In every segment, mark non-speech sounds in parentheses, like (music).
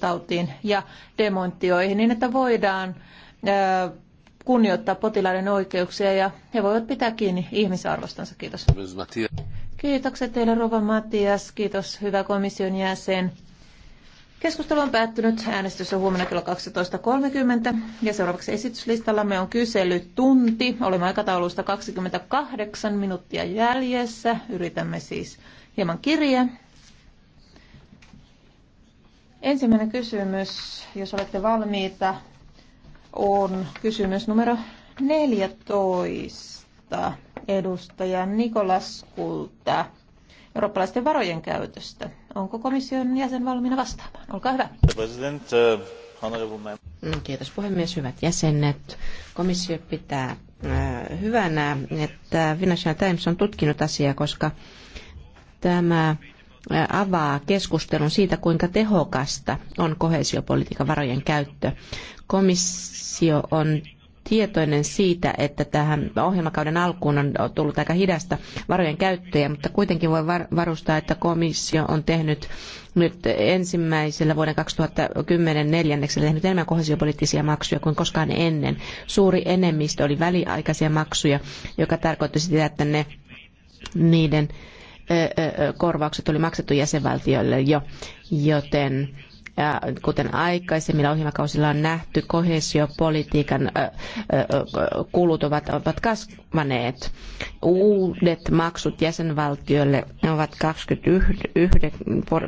tautiin ja demontioihin niin, että voidaan kunnioittaa potilaiden oikeuksia ja he voivat pitää kiinni ihmisarvostansa. Kiitos. Kiitokset teille Rova Matias, kiitos hyvä komission jäsen. Keskustelu on päättynyt. Äänestys on huomenna kello 12.30 ja seuraavaksi esityslistallamme on kyselytunti. Olemme aikataulusta 28 minuuttia jäljessä. Yritämme siis hieman kirje. Ensimmäinen kysymys, jos olette valmiita, on kysymys numero 14 edustaja Nikolaskulta eurooppalaisten varojen käytöstä. Onko komission jäsen valmiina vastaamaan? Olkaa hyvä. Äh, mm, kiitos puhemies, hyvät jäsenet. Komissio pitää äh, hyvänä, että Financial Times on tutkinut asiaa, koska tämä avaa keskustelun siitä, kuinka tehokasta on koheesiopolitiikan varojen käyttö. Komissio on tietoinen siitä, että tähän ohjelmakauden alkuun on tullut aika hidasta varojen käyttöä, mutta kuitenkin voi varustaa, että komissio on tehnyt nyt ensimmäisellä vuoden 2010 neljänneksellä tehnyt enemmän kohesiopoliittisia maksuja kuin koskaan ennen. Suuri enemmistö oli väliaikaisia maksuja, joka tarkoitti sitä, että ne, niiden korvaukset oli maksettu jäsenvaltioille jo, joten ja kuten aikaisemmilla ohjelmakausilla on nähty, koheesiopolitiikan kulut ovat, ovat kasvaneet. Uudet maksut jäsenvaltioille ovat 21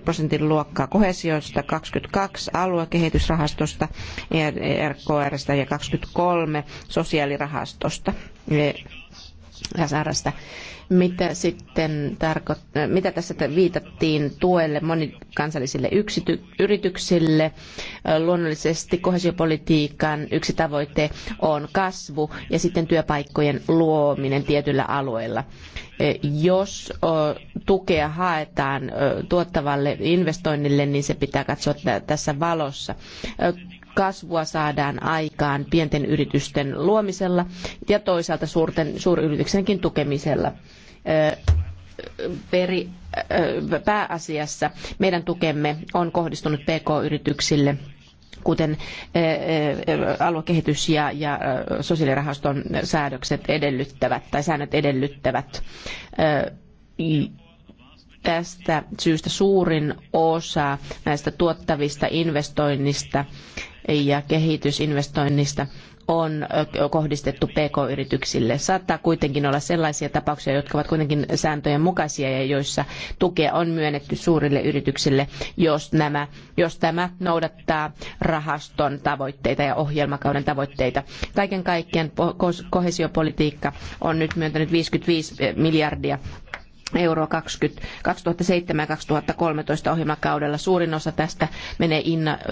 prosentin luokkaa koheesiosta, 22 aluekehitysrahastosta, e RKRstä ja 23 sosiaalirahastosta e sairasta. Mitä, sitten tarko... Äh, mitä tässä viitattiin tuelle monikansallisille yksity- yrityksille? Äh, luonnollisesti kohesiopolitiikan yksi tavoite on kasvu ja sitten työpaikkojen luominen tietyillä alueilla. Äh, jos tukea haetaan tuottavalle investoinnille, niin se pitää katsoa tässä valossa kasvua saadaan aikaan pienten yritysten luomisella ja toisaalta suurten, suuryrityksenkin tukemisella. Peri, pääasiassa meidän tukemme on kohdistunut PK-yrityksille kuten aluekehitys ja, ja sosiaalirahaston säädökset edellyttävät tai säännöt edellyttävät. Tästä syystä suurin osa näistä tuottavista investoinnista ja kehitysinvestoinnista on kohdistettu PK-yrityksille. Saattaa kuitenkin olla sellaisia tapauksia, jotka ovat kuitenkin sääntöjen mukaisia ja joissa tukea on myönnetty suurille yrityksille, jos, nämä, jos tämä noudattaa rahaston tavoitteita ja ohjelmakauden tavoitteita. Kaiken kaikkiaan koheesiopolitiikka on nyt myöntänyt 55 eh, miljardia euro 20, 2007-2013 ohjelmakaudella. Suurin osa tästä menee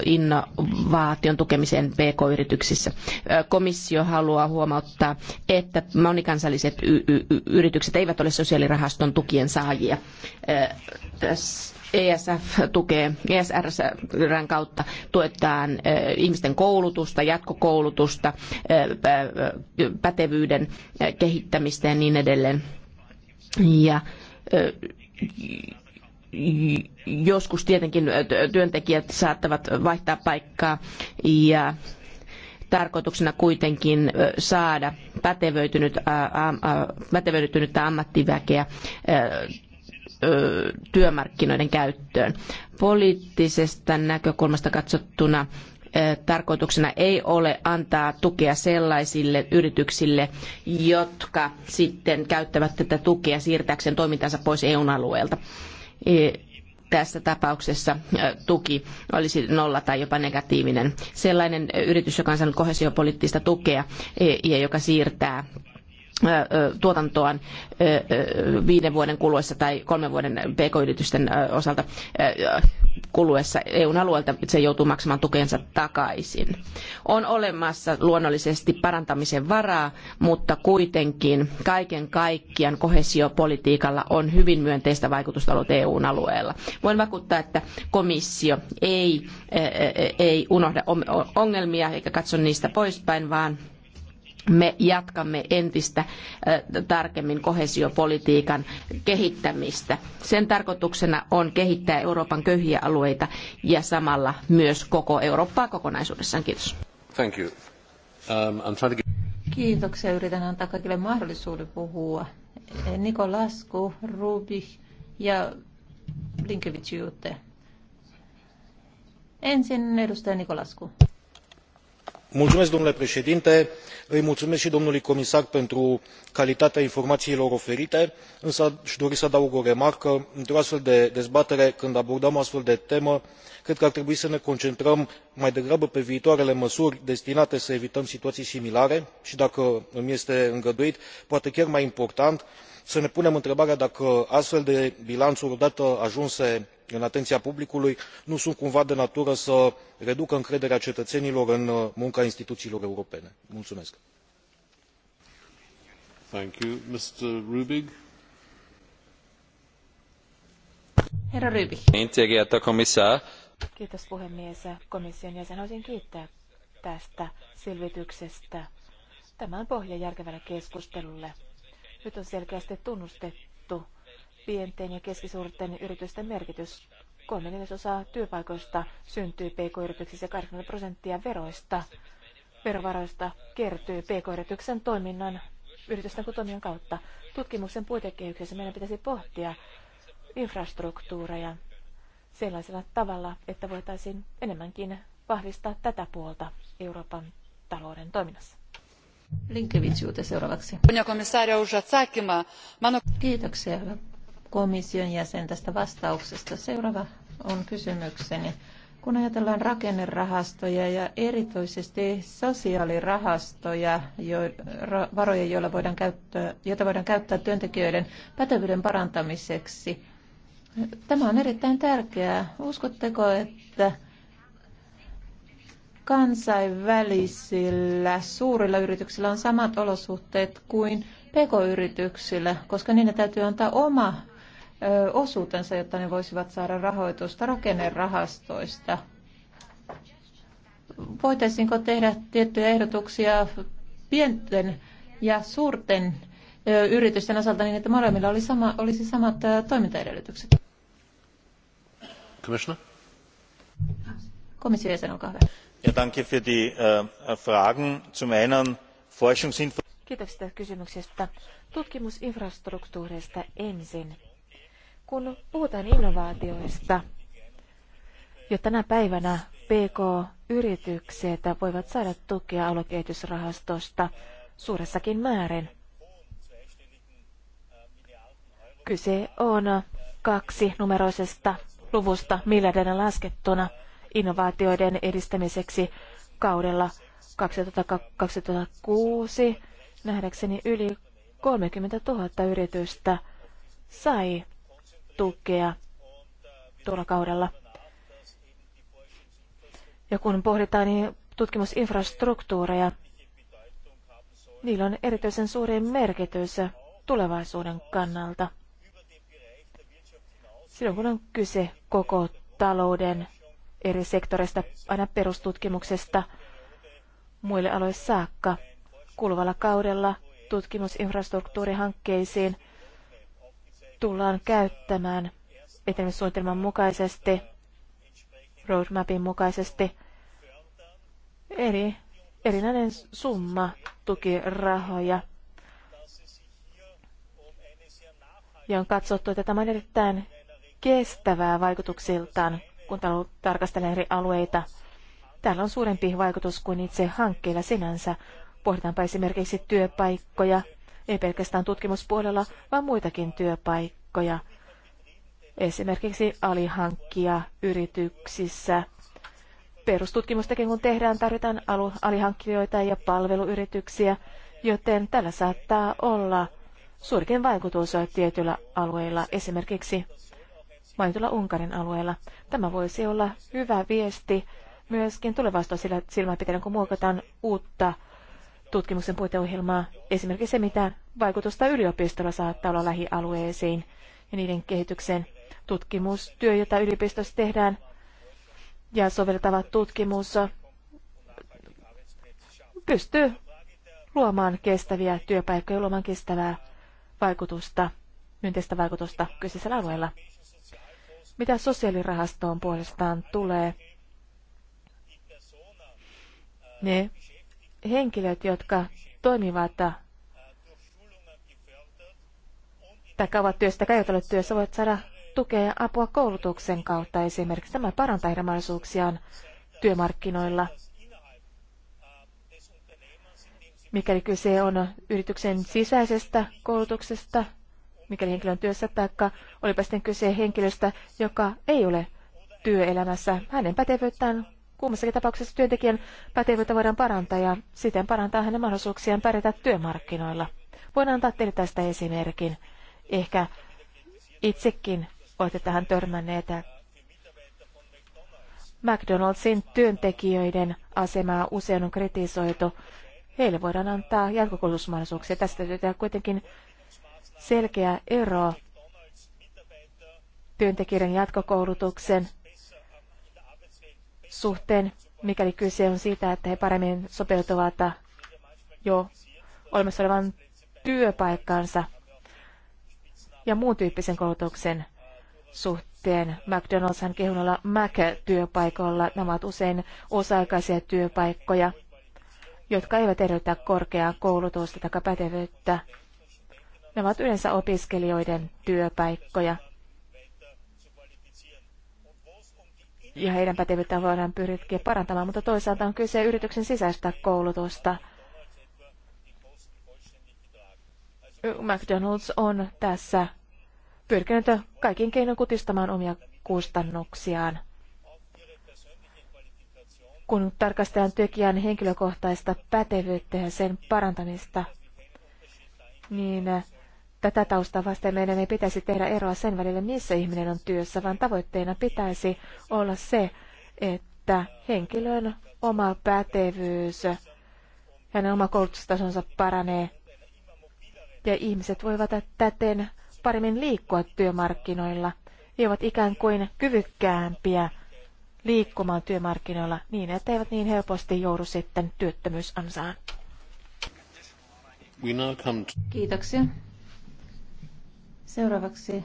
innovaation tukemiseen PK-yrityksissä. Komissio haluaa huomauttaa, että monikansalliset yritykset eivät ole sosiaalirahaston tukien saajia. ESF tukee, ESRn kautta tuetaan ihmisten koulutusta, jatkokoulutusta, pätevyyden kehittämistä ja niin edelleen. Ja Joskus tietenkin työntekijät saattavat vaihtaa paikkaa ja tarkoituksena kuitenkin saada pätevöitynyt, pätevöitynyttä ammattiväkeä työmarkkinoiden käyttöön. Poliittisesta näkökulmasta katsottuna tarkoituksena ei ole antaa tukea sellaisille yrityksille, jotka sitten käyttävät tätä tukea siirtääkseen toimintansa pois EUn alueelta. E, tässä tapauksessa tuki olisi nolla tai jopa negatiivinen. Sellainen yritys, joka on saanut kohesiopoliittista tukea e, ja joka siirtää tuotantoaan viiden vuoden kuluessa tai kolmen vuoden pk-yritysten osalta kuluessa EUn alueelta se joutuu maksamaan tukensa takaisin. On olemassa luonnollisesti parantamisen varaa, mutta kuitenkin kaiken kaikkiaan koheesiopolitiikalla on hyvin myönteistä vaikutusta ollut EUn alueella. Voin vakuuttaa, että komissio ei, eh, eh, eh, ei unohda ongelmia eikä katso niistä poispäin, vaan me jatkamme entistä tarkemmin koheesiopolitiikan kehittämistä. Sen tarkoituksena on kehittää Euroopan köyhiä alueita ja samalla myös koko Eurooppaa kokonaisuudessaan. Kiitos. Thank you. Um, I'm trying to... Kiitoksia. Yritän antaa kaikille mahdollisuuden puhua. Niko Lasku, Rubi ja Linkevich Jute. Ensin edustaja Niko Lasku îi mulumesc i domnului comisar pentru calitatea informaiilor oferite însă a dori să adaug o remarcă într o astfel de dezbatere când abordăm o astfel de temă cred că ar trebui să ne concentrăm mai degrabă pe viitoarele măsuri destinate să evităm situaii similare i dacă îmi este îngăduit poate chiar mai important să ne punem întrebarea dacă astfel de bilanuri odată ajunse la în atenia publicului nu sunt cumva de natură să reducă încrederea cetăenilor în uh, munca instituiilor europene. Kiitos Komission jäsen tästä selvityksestä. järkevälle keskustelulle. selkeästi pienten ja keskisuurten yritysten merkitys. Kolme neljäsosaa työpaikoista syntyy pk-yrityksissä ja 80 prosenttia veroista. Verovaroista kertyy pk-yrityksen toiminnan yritysten kuin kautta. Tutkimuksen puitekehyksessä meidän pitäisi pohtia infrastruktuureja sellaisella tavalla, että voitaisiin enemmänkin vahvistaa tätä puolta Euroopan talouden toiminnassa. Linkevičiūtė seuraavaksi. Kiitoksia, komission jäsen tästä vastauksesta. Seuraava on kysymykseni. Kun ajatellaan rakennerahastoja ja erityisesti sosiaalirahastoja, jo, ra, varoja, joilla voidaan käyttää, joita voidaan käyttää työntekijöiden pätevyyden parantamiseksi, tämä on erittäin tärkeää. Uskotteko, että kansainvälisillä suurilla yrityksillä on samat olosuhteet kuin pk-yrityksillä, koska niiden täytyy antaa oma osuutensa, jotta ne voisivat saada rahoitusta rakennerahastoista. Voitaisiinko tehdä tiettyjä ehdotuksia pienten ja suurten yritysten osalta niin, että molemmilla oli sama, olisi samat toimintaedellytykset? Commissioner? Komissio jäsen, olkaa hyvä. Ja danke für die äh, Fragen. Zum einen Forschungsinfo- Kiitoksia kysymyksestä. Tutkimusinfrastruktuurista ensin kun puhutaan innovaatioista, jo tänä päivänä PK-yritykset voivat saada tukea aluekehitysrahastosta suuressakin määrin. Kyse on kaksi numeroisesta luvusta miljardina laskettuna innovaatioiden edistämiseksi kaudella 2006 nähdäkseni yli 30 000 yritystä sai tukea tuolla kaudella. Ja kun pohditaan niin tutkimusinfrastruktuureja, niillä on erityisen suuri merkitys tulevaisuuden kannalta. Silloin kun on kyse koko talouden eri sektoreista, aina perustutkimuksesta muille aloille saakka, kuluvalla kaudella tutkimusinfrastruktuurihankkeisiin – tullaan käyttämään etenemissuunnitelman mukaisesti, roadmapin mukaisesti. Eri, erinäinen summa tukirahoja. Ja on katsottu, että tämä on erittäin kestävää vaikutuksiltaan, kun tarkastelee eri alueita. Täällä on suurempi vaikutus kuin itse hankkeilla sinänsä. Pohditaanpa esimerkiksi työpaikkoja, ei pelkästään tutkimuspuolella, vaan muitakin työpaikkoja. Esimerkiksi alihankkia yrityksissä. Perustutkimustakin kun tehdään, tarvitaan alihankkijoita ja palveluyrityksiä, joten tällä saattaa olla suurikin vaikutus tietyillä alueilla, esimerkiksi mainitulla Unkarin alueella. Tämä voisi olla hyvä viesti myöskin tulevaisuudessa sillä silmällä kun muokataan uutta tutkimuksen puiteohjelmaa, esimerkiksi se, mitä vaikutusta yliopistolla saattaa olla lähialueisiin ja niiden kehityksen Tutkimustyö, jota yliopistossa tehdään, ja soveltava tutkimus pystyy luomaan kestäviä työpaikkoja, luomaan kestävää vaikutusta, myönteistä vaikutusta kyseisellä alueella. Mitä sosiaalirahastoon puolestaan tulee, ne henkilöt, jotka toimivat tai ovat työstä tai ole työssä, voivat saada tukea ja apua koulutuksen kautta esimerkiksi. Tämä parantaa heidän mahdollisuuksiaan työmarkkinoilla. Mikäli kyse on yrityksen sisäisestä koulutuksesta, mikäli henkilö on työssä, tai olipa sitten kyse henkilöstä, joka ei ole työelämässä, hänen pätevyyttään kummassakin tapauksessa työntekijän pätevyyttä voidaan parantaa ja siten parantaa hänen mahdollisuuksiaan pärjätä työmarkkinoilla. Voin antaa teille tästä esimerkin. Ehkä itsekin olette tähän törmänneet. McDonaldsin työntekijöiden asemaa usein on kritisoitu. Heille voidaan antaa jatkokoulutusmahdollisuuksia. Tästä täytyy tehdä kuitenkin selkeä ero työntekijöiden jatkokoulutuksen suhteen, mikäli kyse on siitä, että he paremmin sopeutuvat jo olemassa olevan työpaikkaansa ja muun tyyppisen koulutuksen suhteen. McDonald's on kehunnolla Mac-työpaikoilla. Nämä ovat usein osa-aikaisia työpaikkoja, jotka eivät edellytä korkeaa koulutusta tai pätevyyttä. Nämä ovat yleensä opiskelijoiden työpaikkoja. ja heidän pätevyyttään voidaan pyrkiä parantamaan, mutta toisaalta on kyse yrityksen sisäistä koulutusta. McDonald's on tässä pyrkinyt kaikin keinoin kutistamaan omia kustannuksiaan. Kun tarkastellaan työkijän henkilökohtaista pätevyyttä ja sen parantamista, niin Tätä taustaa vasten meidän ei pitäisi tehdä eroa sen välillä, missä ihminen on työssä, vaan tavoitteena pitäisi olla se, että henkilön oma pätevyys, hänen oma koulutustasonsa paranee ja ihmiset voivat täten paremmin liikkua työmarkkinoilla. He ovat ikään kuin kyvykkäämpiä liikkumaan työmarkkinoilla niin, että eivät niin helposti joudu sitten työttömyysansaan. Kiitoksia. Seuraavaksi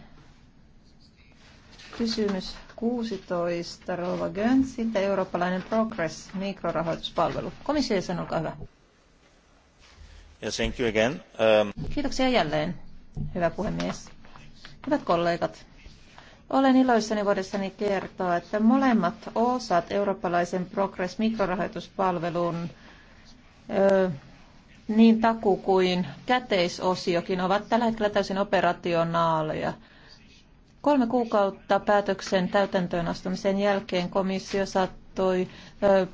kysymys 16 Rova Gönsiltä, eurooppalainen Progress, mikrorahoituspalvelu. Komissio sen olkaa hyvä. Yeah, thank you again. Um... Kiitoksia jälleen, hyvä puhemies. Hyvät kollegat, olen iloissani vuodessani kertoa, että molemmat osat eurooppalaisen Progress mikrorahoituspalvelun niin taku kuin käteisosiokin ovat tällä hetkellä täysin operationaaleja. Kolme kuukautta päätöksen täytäntöön astumisen jälkeen komissio saattoi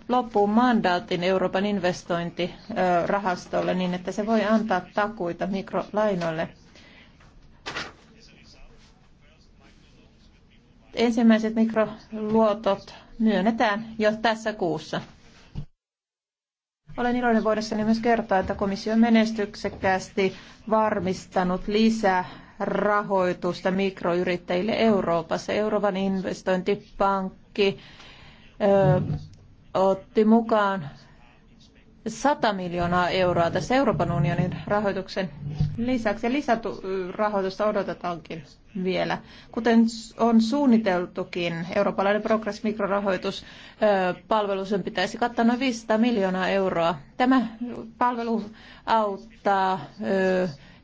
loppuun mandaatin Euroopan investointirahastolle niin, että se voi antaa takuita mikrolainoille. Ensimmäiset mikroluotot myönnetään jo tässä kuussa. Olen iloinen voidessani myös kertoa, että komissio on menestyksekkäästi varmistanut lisää rahoitusta mikroyrittäjille Euroopassa. Euroopan investointipankki ö, otti mukaan 100 miljoonaa euroa tässä Euroopan unionin rahoituksen lisäksi. Ja lisärahoitusta odotetaankin vielä. Kuten on suunniteltukin, eurooppalainen Progress mikrorahoitus sen pitäisi kattaa noin 500 miljoonaa euroa. Tämä palvelu auttaa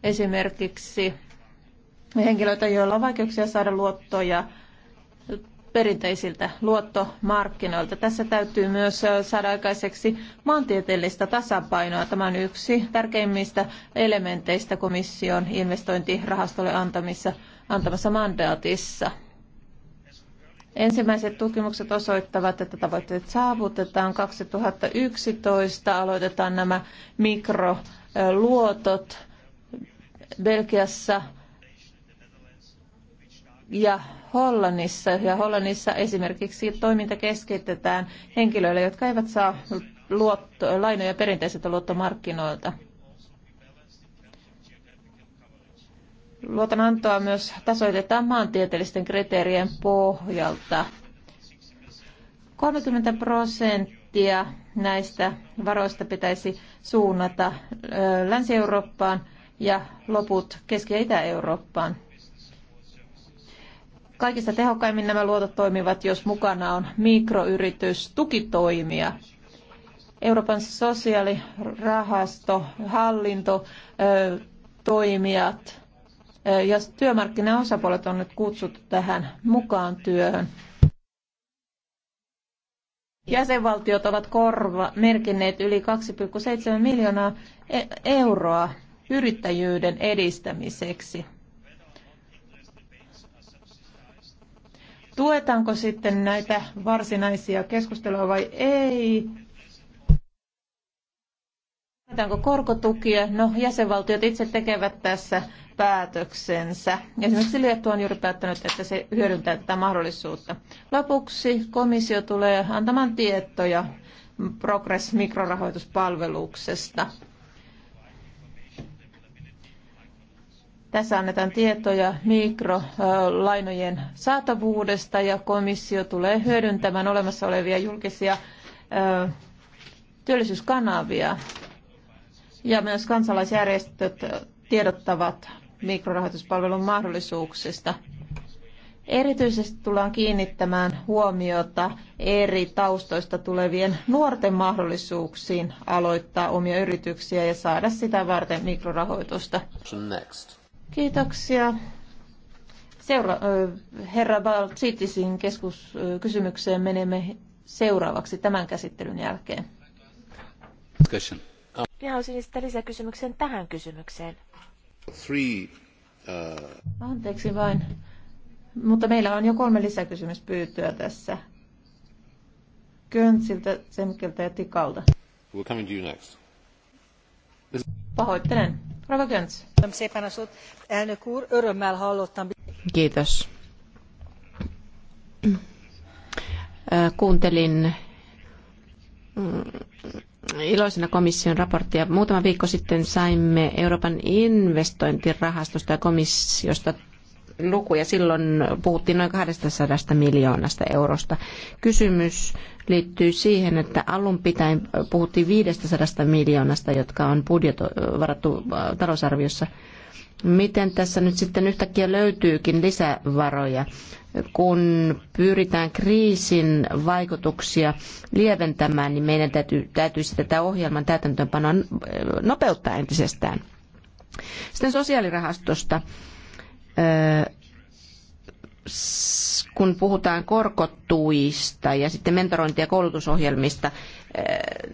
esimerkiksi henkilöitä, joilla on vaikeuksia saada luottoja perinteisiltä luottomarkkinoilta. Tässä täytyy myös saada aikaiseksi maantieteellistä tasapainoa. Tämä on yksi tärkeimmistä elementeistä komission investointirahastolle antamissa, antamassa mandaatissa. Ensimmäiset tutkimukset osoittavat, että tavoitteet saavutetaan. 2011 aloitetaan nämä mikroluotot Belgiassa ja Hollannissa. Ja Hollannissa esimerkiksi toiminta keskitetään henkilöille, jotka eivät saa luotto, lainoja perinteisiltä luottomarkkinoilta. Luotonantoa myös tasoitetaan maantieteellisten kriteerien pohjalta. 30 prosenttia näistä varoista pitäisi suunnata Länsi-Eurooppaan ja loput Keski- ja Itä-Eurooppaan. Kaikista tehokkaimmin nämä luotot toimivat, jos mukana on mikroyritys tukitoimia. Euroopan sosiaalirahasto, hallinto, toimijat ja työmarkkinaosapuolet on nyt kutsuttu tähän mukaan työhön. Jäsenvaltiot ovat korva merkinneet yli 2,7 miljoonaa e-, euroa yrittäjyyden edistämiseksi. Tuetaanko sitten näitä varsinaisia keskusteluja vai ei? Tuetaanko korkotukia? No, jäsenvaltiot itse tekevät tässä päätöksensä. Esimerkiksi Liettua on juuri päättänyt, että se hyödyntää tätä mahdollisuutta. Lopuksi komissio tulee antamaan tietoja Progress-mikrorahoituspalveluksesta. Tässä annetaan tietoja mikrolainojen saatavuudesta ja komissio tulee hyödyntämään olemassa olevia julkisia työllisyyskanavia. Ja myös kansalaisjärjestöt tiedottavat mikrorahoituspalvelun mahdollisuuksista. Erityisesti tullaan kiinnittämään huomiota eri taustoista tulevien nuorten mahdollisuuksiin aloittaa omia yrityksiä ja saada sitä varten mikrorahoitusta. Next. Kiitoksia. Seura- herra Baltsitisin keskus kysymykseen menemme seuraavaksi tämän käsittelyn jälkeen. Discussion. Um, Minä haluaisin esittää lisäkysymyksen tähän kysymykseen. Three, uh... Anteeksi vain, mutta meillä on jo kolme lisäkysymyspyyntöä tässä. Köntsiltä, Semkeltä ja Tikalta. We'll come to you next. Pahoittelen. Rova Göns. Kiitos. Kuuntelin mm, iloisena komission mietintöä. Muutama viikko sitten saimme Euroopan investointirahastosta ja komissiosta luku ja silloin puhuttiin noin 200 miljoonasta eurosta. Kysymys liittyy siihen, että alun pitäen puhuttiin 500 miljoonasta, jotka on budjeto, varattu äh, talousarviossa. Miten tässä nyt sitten yhtäkkiä löytyykin lisävaroja, kun pyritään kriisin vaikutuksia lieventämään, niin meidän täytyy, täytyisi tätä ohjelman täytäntöönpanoa nopeuttaa entisestään. Sitten sosiaalirahastosta kun puhutaan korkotuista ja sitten mentorointi- ja koulutusohjelmista,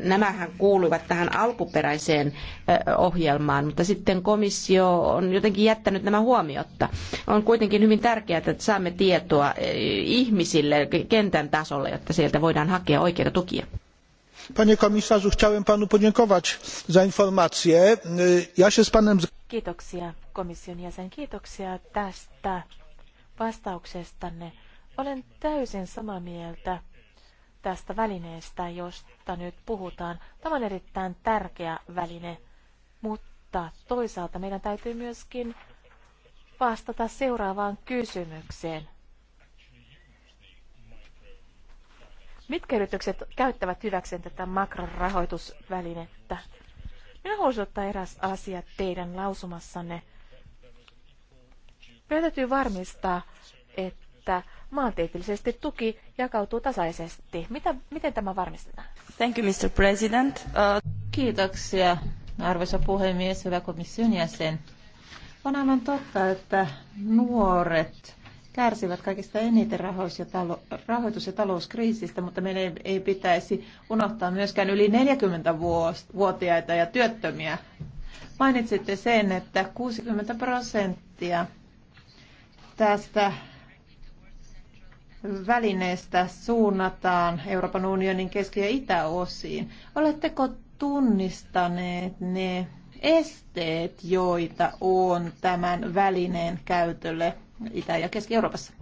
nämähän kuuluivat tähän alkuperäiseen ohjelmaan, mutta sitten komissio on jotenkin jättänyt nämä huomiotta. On kuitenkin hyvin tärkeää, että saamme tietoa ihmisille kentän tasolle, jotta sieltä voidaan hakea oikeita tukia panie komisarzu! chciałem panu podziękować za informację. ja się z panem. kiitoksia komission jäsen kiitoksia tästä vastauksestanne. olen täysin samaa mieltä tästä välineestä josta nyt puhutaan. tämä on erittäin tärkeä väline mutta toisaalta meidän täytyy myöskin vastata seuraavaan kysymykseen. Mitkä yritykset käyttävät hyväkseen tätä makrorahoitusvälinettä? Minä haluaisin ottaa eräs asia teidän lausumassanne. Meidän täytyy varmistaa, että maantieteellisesti tuki jakautuu tasaisesti. Mitä, miten tämä varmistetaan? Thank you, Mr. President. Uh... Kiitoksia, arvoisa puhemies, hyvä komission jäsen. On aivan totta, että nuoret kärsivät kaikista eniten rahoitus- ja talouskriisistä, mutta meidän ei pitäisi unohtaa myöskään yli 40-vuotiaita ja työttömiä. Mainitsitte sen, että 60 prosenttia tästä välineestä suunnataan Euroopan unionin keski- ja itäosiin. Oletteko tunnistaneet ne esteet, joita on tämän välineen käytölle Itä- ja Keski-Euroopassa.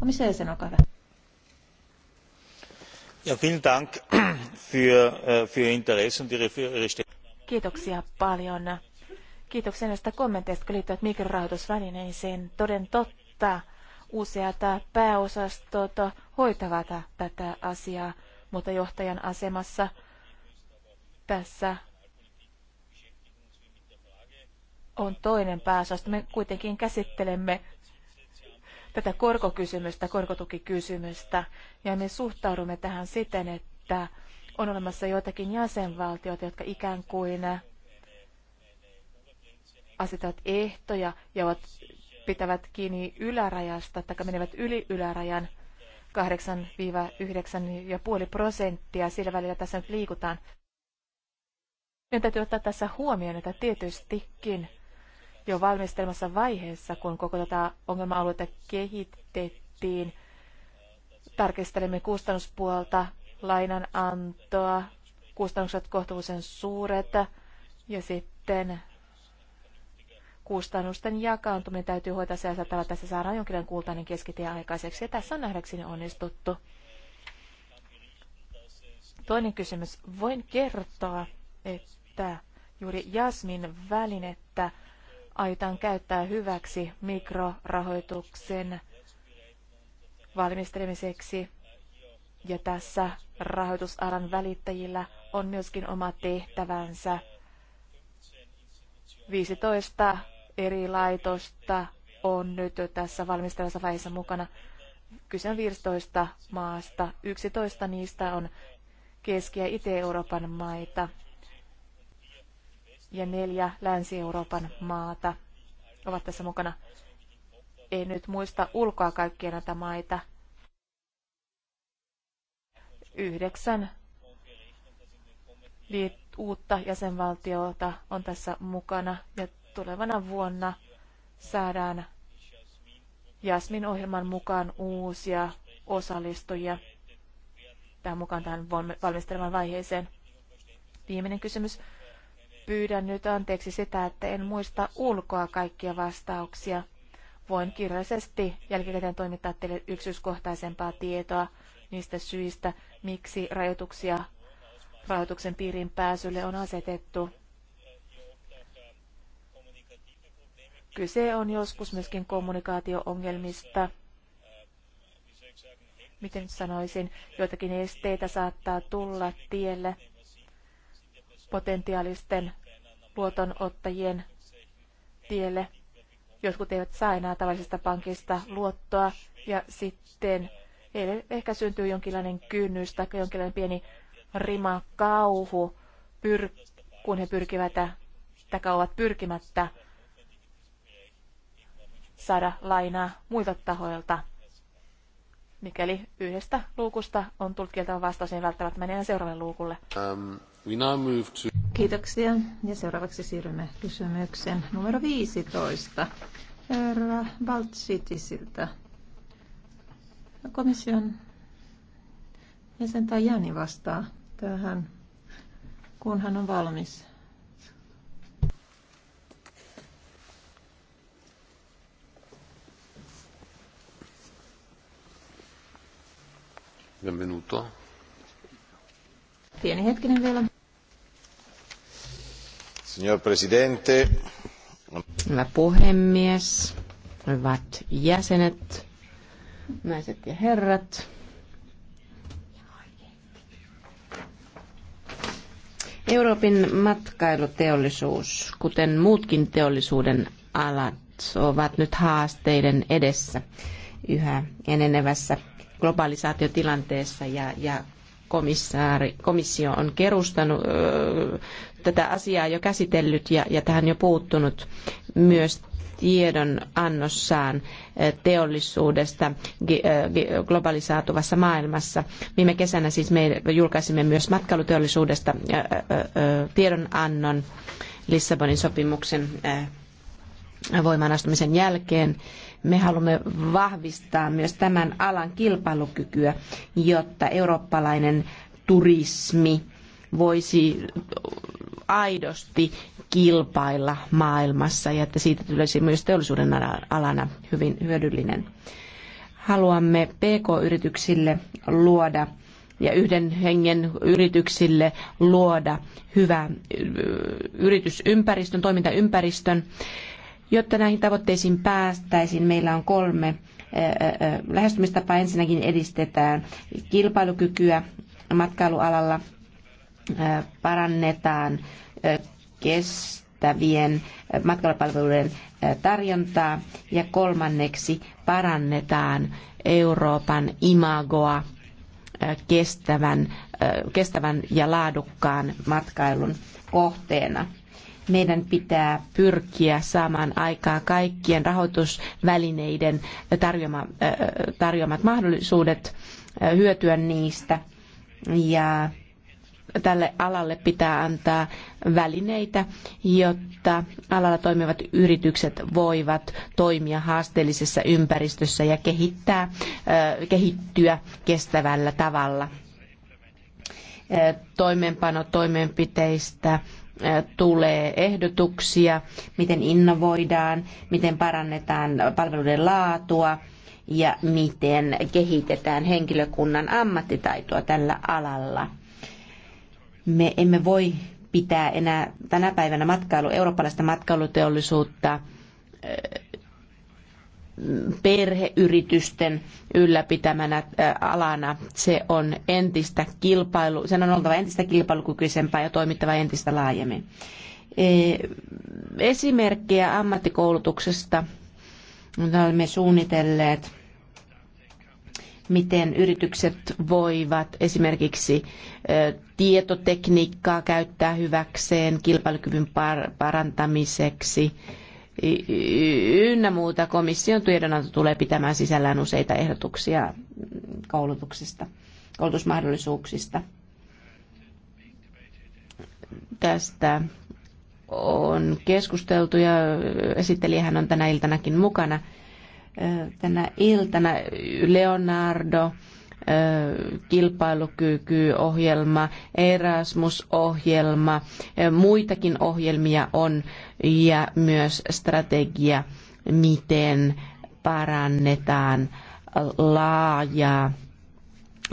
Komissio jäsen, olkaa hyvä. Ja, vielen Dank für, äh, für Interesse und Ihre, Ihre Kiitoksia paljon. Kiitoksia näistä kommenteista, jotka liittyvät mikrorahoitusvälineisiin. Toden totta, useat pääosastot hoitavat tätä asiaa, mutta johtajan asemassa tässä on toinen pääsaaste. Me kuitenkin käsittelemme tätä korkokysymystä, korkotukikysymystä, ja me suhtaudumme tähän siten, että on olemassa joitakin jäsenvaltioita, jotka ikään kuin asetavat ehtoja ja ovat, pitävät kiinni ylärajasta tai menevät yli ylärajan 8-9,5 prosenttia. Sillä välillä tässä nyt liikutaan. Meidän täytyy ottaa tässä huomioon, että tietystikin jo valmistelmassa vaiheessa, kun koko tätä ongelma-aluetta kehitettiin. Tarkistelemme kustannuspuolta, lainanantoa, kustannukset kohtuullisen suuret ja sitten kustannusten jakaantuminen täytyy hoitaa sellaisella tavalla, että tässä saadaan jonkinlainen kultainen keskitie aikaiseksi. Ja tässä on nähdäkseni onnistuttu. Toinen kysymys. Voin kertoa, että juuri Jasmin välinettä aiotaan käyttää hyväksi mikrorahoituksen valmistelemiseksi. Ja tässä rahoitusalan välittäjillä on myöskin oma tehtävänsä. 15 eri laitosta on nyt tässä valmistelussa vaiheessa mukana. Kyse on 15 maasta. 11 niistä on Keski- ja Itä-Euroopan maita ja neljä Länsi-Euroopan maata ovat tässä mukana. Ei nyt muista ulkoa kaikkia näitä maita. Yhdeksän uutta jäsenvaltiota on tässä mukana ja tulevana vuonna saadaan Jasmin ohjelman mukaan uusia osallistujia tähän mukaan tähän valmistelevan vaiheeseen. Viimeinen kysymys. Pyydän nyt anteeksi sitä, että en muista ulkoa kaikkia vastauksia. Voin kirjallisesti jälkikäteen toimittaa teille yksityiskohtaisempaa tietoa niistä syistä, miksi rajoituksia rajoituksen piirin pääsylle on asetettu. Kyse on joskus myöskin kommunikaatioongelmista. Miten sanoisin, joitakin esteitä saattaa tulla tielle potentiaalisten luotonottajien tielle. Jotkut eivät saa enää tavallisesta pankista luottoa ja sitten heille ehkä syntyy jonkinlainen kynnys tai jonkinlainen pieni rima kauhu, kun he pyrkivät tai ovat pyrkimättä saada lainaa muilta tahoilta. Mikäli yhdestä luukusta on tullut kieltävä vastaus, niin välttämättä menee seuraavalle luukulle. Um. Kiitoksia. Ja seuraavaksi siirrymme kysymykseen numero 15. Herra Baltsitisiltä. Komission jäsen tai Jani vastaa tähän, kun hän on valmis. Benvenuto. Pieni hetkinen vielä. Signor Hyvä puhemies, hyvät jäsenet, naiset ja herrat. Euroopan matkailuteollisuus, kuten muutkin teollisuuden alat, ovat nyt haasteiden edessä yhä enenevässä globalisaatiotilanteessa ja, ja komissio on kerustanut, tätä asiaa jo käsitellyt ja, ja tähän jo puuttunut myös tiedon annossaan teollisuudesta globalisaatuvassa maailmassa. Viime kesänä siis me julkaisimme myös matkailuteollisuudesta tiedonannon Lissabonin sopimuksen voimaanastumisen jälkeen. Me haluamme vahvistaa myös tämän alan kilpailukykyä, jotta eurooppalainen turismi voisi aidosti kilpailla maailmassa ja että siitä tulisi myös teollisuuden alana hyvin hyödyllinen. Haluamme PK-yrityksille luoda ja yhden hengen yrityksille luoda hyvä yritysympäristön, toimintaympäristön Jotta näihin tavoitteisiin päästäisiin, meillä on kolme lähestymistapaa. Ensinnäkin edistetään kilpailukykyä matkailualalla, parannetaan kestävien matkailupalveluiden tarjontaa ja kolmanneksi parannetaan Euroopan imagoa kestävän, kestävän ja laadukkaan matkailun kohteena meidän pitää pyrkiä saamaan aikaa kaikkien rahoitusvälineiden tarjoma, äh, tarjoamat mahdollisuudet, äh, hyötyä niistä ja tälle alalle pitää antaa välineitä, jotta alalla toimivat yritykset voivat toimia haasteellisessa ympäristössä ja kehittää, äh, kehittyä kestävällä tavalla. Toimeenpano toimenpiteistä tulee ehdotuksia, miten innovoidaan, miten parannetaan palveluiden laatua ja miten kehitetään henkilökunnan ammattitaitoa tällä alalla. Me emme voi pitää enää tänä päivänä matkailu, eurooppalaista matkailuteollisuutta perheyritysten ylläpitämänä äh, alana se on entistä kilpailu, sen on oltava entistä kilpailukykyisempää ja toimittava entistä laajemmin. E, Esimerkkejä ammattikoulutuksesta olemme suunnitelleet, miten yritykset voivat esimerkiksi e, tietotekniikkaa käyttää hyväkseen kilpailukyvyn parantamiseksi – ynnä muuta. Komission tiedonanto tulee pitämään sisällään useita ehdotuksia koulutuksista, koulutusmahdollisuuksista. Tästä on keskusteltu ja esittelijähän on tänä iltanakin mukana. Tänä iltana Leonardo kilpailukykyohjelma, Erasmus-ohjelma, muitakin ohjelmia on ja myös strategia, miten parannetaan laaja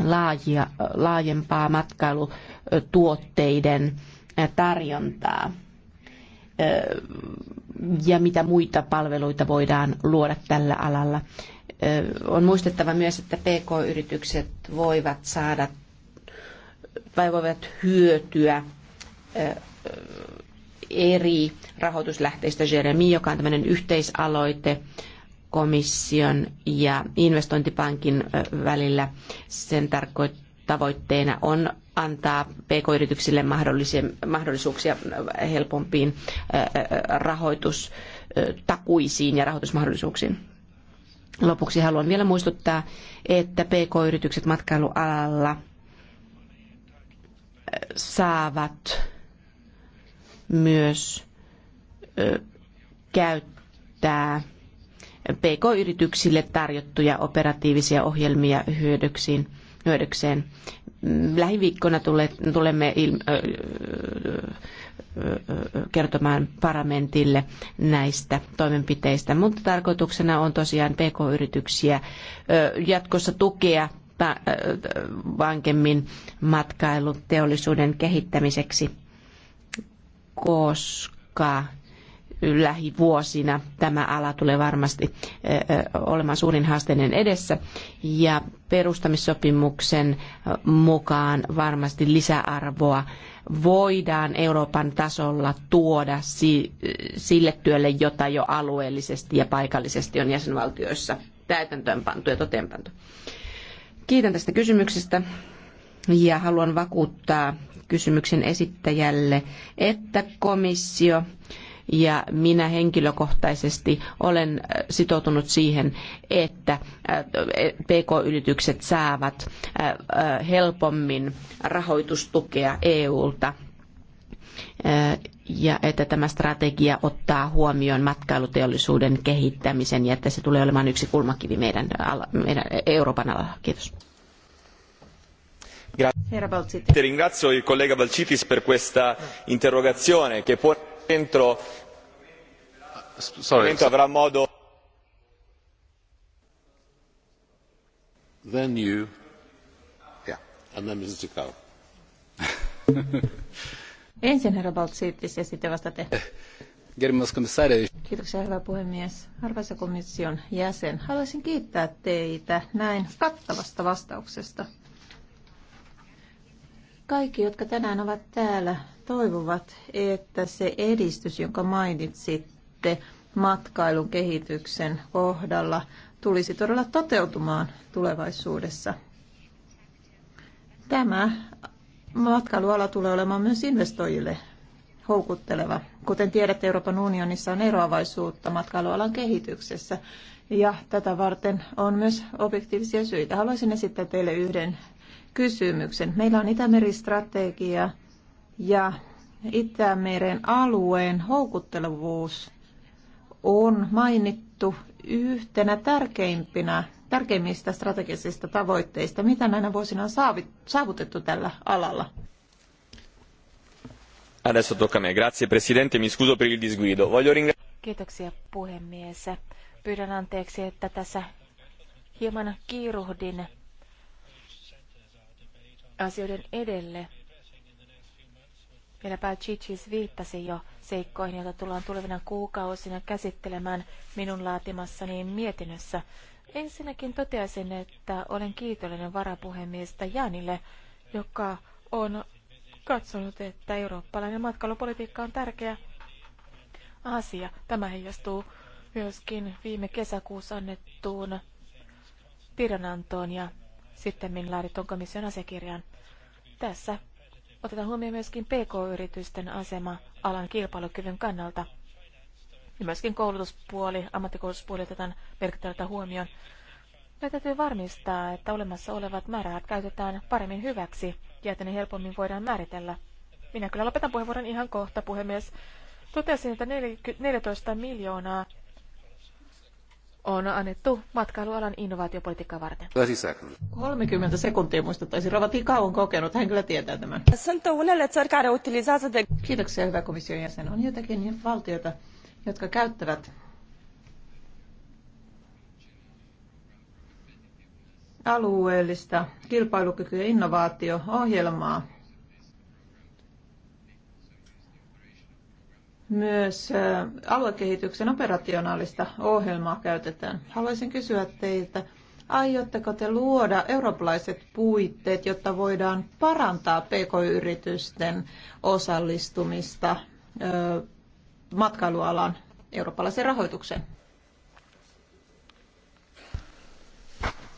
laajia, laajempaa matkailutuotteiden tarjontaa ja mitä muita palveluita voidaan luoda tällä alalla. On muistettava myös, että PK-yritykset voivat saada tai voivat hyötyä eri rahoituslähteistä. Jeremy, joka on tämmöinen yhteisaloite komission ja investointipankin välillä, sen tavoitteena on antaa pk-yrityksille mahdollisuuksia helpompiin rahoitustakuisiin ja rahoitusmahdollisuuksiin. Lopuksi haluan vielä muistuttaa, että PK-yritykset matkailualalla äh, saavat myös käyttää PK-yrityksille tarjottuja operatiivisia ohjelmia hyödyksiin, hyödykseen. Mm, tule, tulemme kertomaan parlamentille näistä toimenpiteistä, mutta tarkoituksena on tosiaan pk-yrityksiä jatkossa tukea vankemmin matkailuteollisuuden kehittämiseksi, koska lähivuosina tämä ala tulee varmasti olemaan suurin haasteinen edessä. Ja perustamissopimuksen mukaan varmasti lisäarvoa voidaan Euroopan tasolla tuoda sille työlle, jota jo alueellisesti ja paikallisesti on jäsenvaltioissa täytäntöönpantu ja toteenpantu. Kiitän tästä kysymyksestä ja haluan vakuuttaa kysymyksen esittäjälle, että komissio ja minä henkilökohtaisesti olen äh, sitoutunut siihen, että äh, PK-yritykset saavat äh, helpommin rahoitustukea EUlta ja että tämä strategia ottaa huomioon matkailuteollisuuden kehittämisen ja että se tulee olemaan yksi kulmakivi meidän, ala, meidän e, Euroopan alalla. Kiitos. Ringrazio il collega Balcitis per questa interrogazione che può parlamento avrà modo. Then you. And then (laughs) Ensin herra Baltsiittis ja sitten vasta te. Gerbiamas komissaari. Kiitoksia hyvä puhemies. Arvoisa komission jäsen, haluaisin kiittää teitä näin kattavasta vastauksesta. Kaikki, jotka tänään ovat täällä, toivovat, että se edistys, jonka mainitsitte, sitten matkailun kehityksen kohdalla tulisi todella toteutumaan tulevaisuudessa. Tämä matkailuala tulee olemaan myös investoijille houkutteleva. Kuten tiedätte, Euroopan unionissa on eroavaisuutta matkailualan kehityksessä ja tätä varten on myös objektiivisia syitä. Haluaisin esittää teille yhden kysymyksen. Meillä on Itämeri-strategia ja Itämeren alueen houkuttelevuus on mainittu yhtenä tärkeimpinä, tärkeimmistä strategisista tavoitteista. Mitä näinä vuosina on saavutettu tällä alalla? Adesso tocca a me. Grazie Presidente, mi scuso per il disguido. Voglio ringra- Kiitoksia puhemies. Pyydän anteeksi, että tässä hieman kiiruhdin asioiden edelle. Vieläpä Chichis viittasi jo seikkoihin, joita tullaan tulevina kuukausina käsittelemään minun laatimassani mietinnössä. Ensinnäkin toteaisin, että olen kiitollinen varapuhemiestä Janille, joka on katsonut, että eurooppalainen matkailupolitiikka on tärkeä asia. Tämä heijastuu myöskin viime kesäkuussa annettuun tiedonantoon ja sitten laadittuun komission asiakirjaan. Tässä otetaan huomioon myöskin PK-yritysten asema alan kilpailukyvyn kannalta. Ja myöskin koulutuspuoli, ammattikoulutuspuoli otetaan merkittävältä huomioon. Me täytyy varmistaa, että olemassa olevat määrärahat käytetään paremmin hyväksi ja että ne helpommin voidaan määritellä. Minä kyllä lopetan puheenvuoron ihan kohta, puhemies. Totesin, että 14 miljoonaa on annettu matkailualan innovaatiopolitiikkaa varten. 30 sekuntia muistuttaisi. Ravati kauan kokenut, hän kyllä tietää tämän. Kiitoksia, hyvä komission jäsen. On jotakin valtioita, jotka käyttävät alueellista kilpailukyky- ja innovaatio-ohjelmaa myös äh, aluekehityksen operationaalista ohjelmaa käytetään. Haluaisin kysyä teiltä, aiotteko te luoda eurooppalaiset puitteet, jotta voidaan parantaa pk-yritysten osallistumista matkailualan eurooppalaisen rahoitukseen?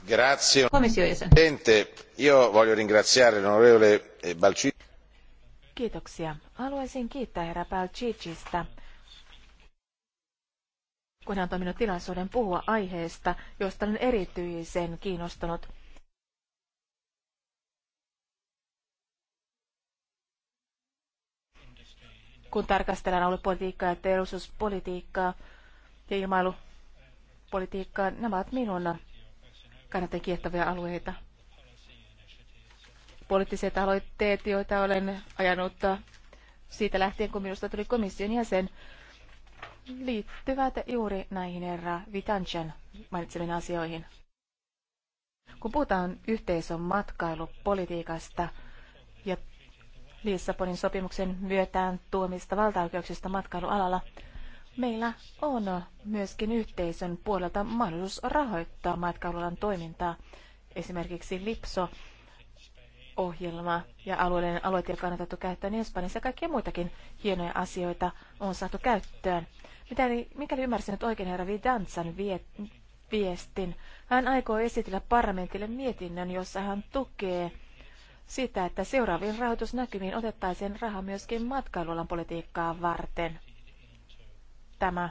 Grazie. Komission jäsen. Io voglio ringraziare l'onorevole Balcini. Kiitoksia. Haluaisin kiittää herra Palcicista, kun hän antoi minun tilaisuuden puhua aiheesta, josta olen erityisen kiinnostunut. Kun tarkastellaan aluepolitiikkaa ja teollisuuspolitiikkaa ja ilmailupolitiikkaa, nämä ovat minun kannattaa kiehtovia alueita poliittiset aloitteet, joita olen ajanut siitä lähtien, kun minusta tuli komission jäsen, liittyvät juuri näihin herra Vitanchen mainitsemiin asioihin. Kun puhutaan yhteisön matkailupolitiikasta ja Lissabonin sopimuksen myötään tuomista valtaoikeuksista matkailualalla, meillä on myöskin yhteisön puolelta mahdollisuus rahoittaa matkailualan toimintaa. Esimerkiksi Lipso ohjelma ja alueellinen joka on otettu käyttöön niin Espanjassa ja kaikkia muitakin hienoja asioita on saatu käyttöön. Mikäli, mikäli ymmärsin nyt oikein herra Vidansan vie, viestin, hän aikoo esitellä parlamentille mietinnön, jossa hän tukee sitä, että seuraaviin rahoitusnäkymiin otettaisiin raha myöskin matkailualan politiikkaa varten. Tämä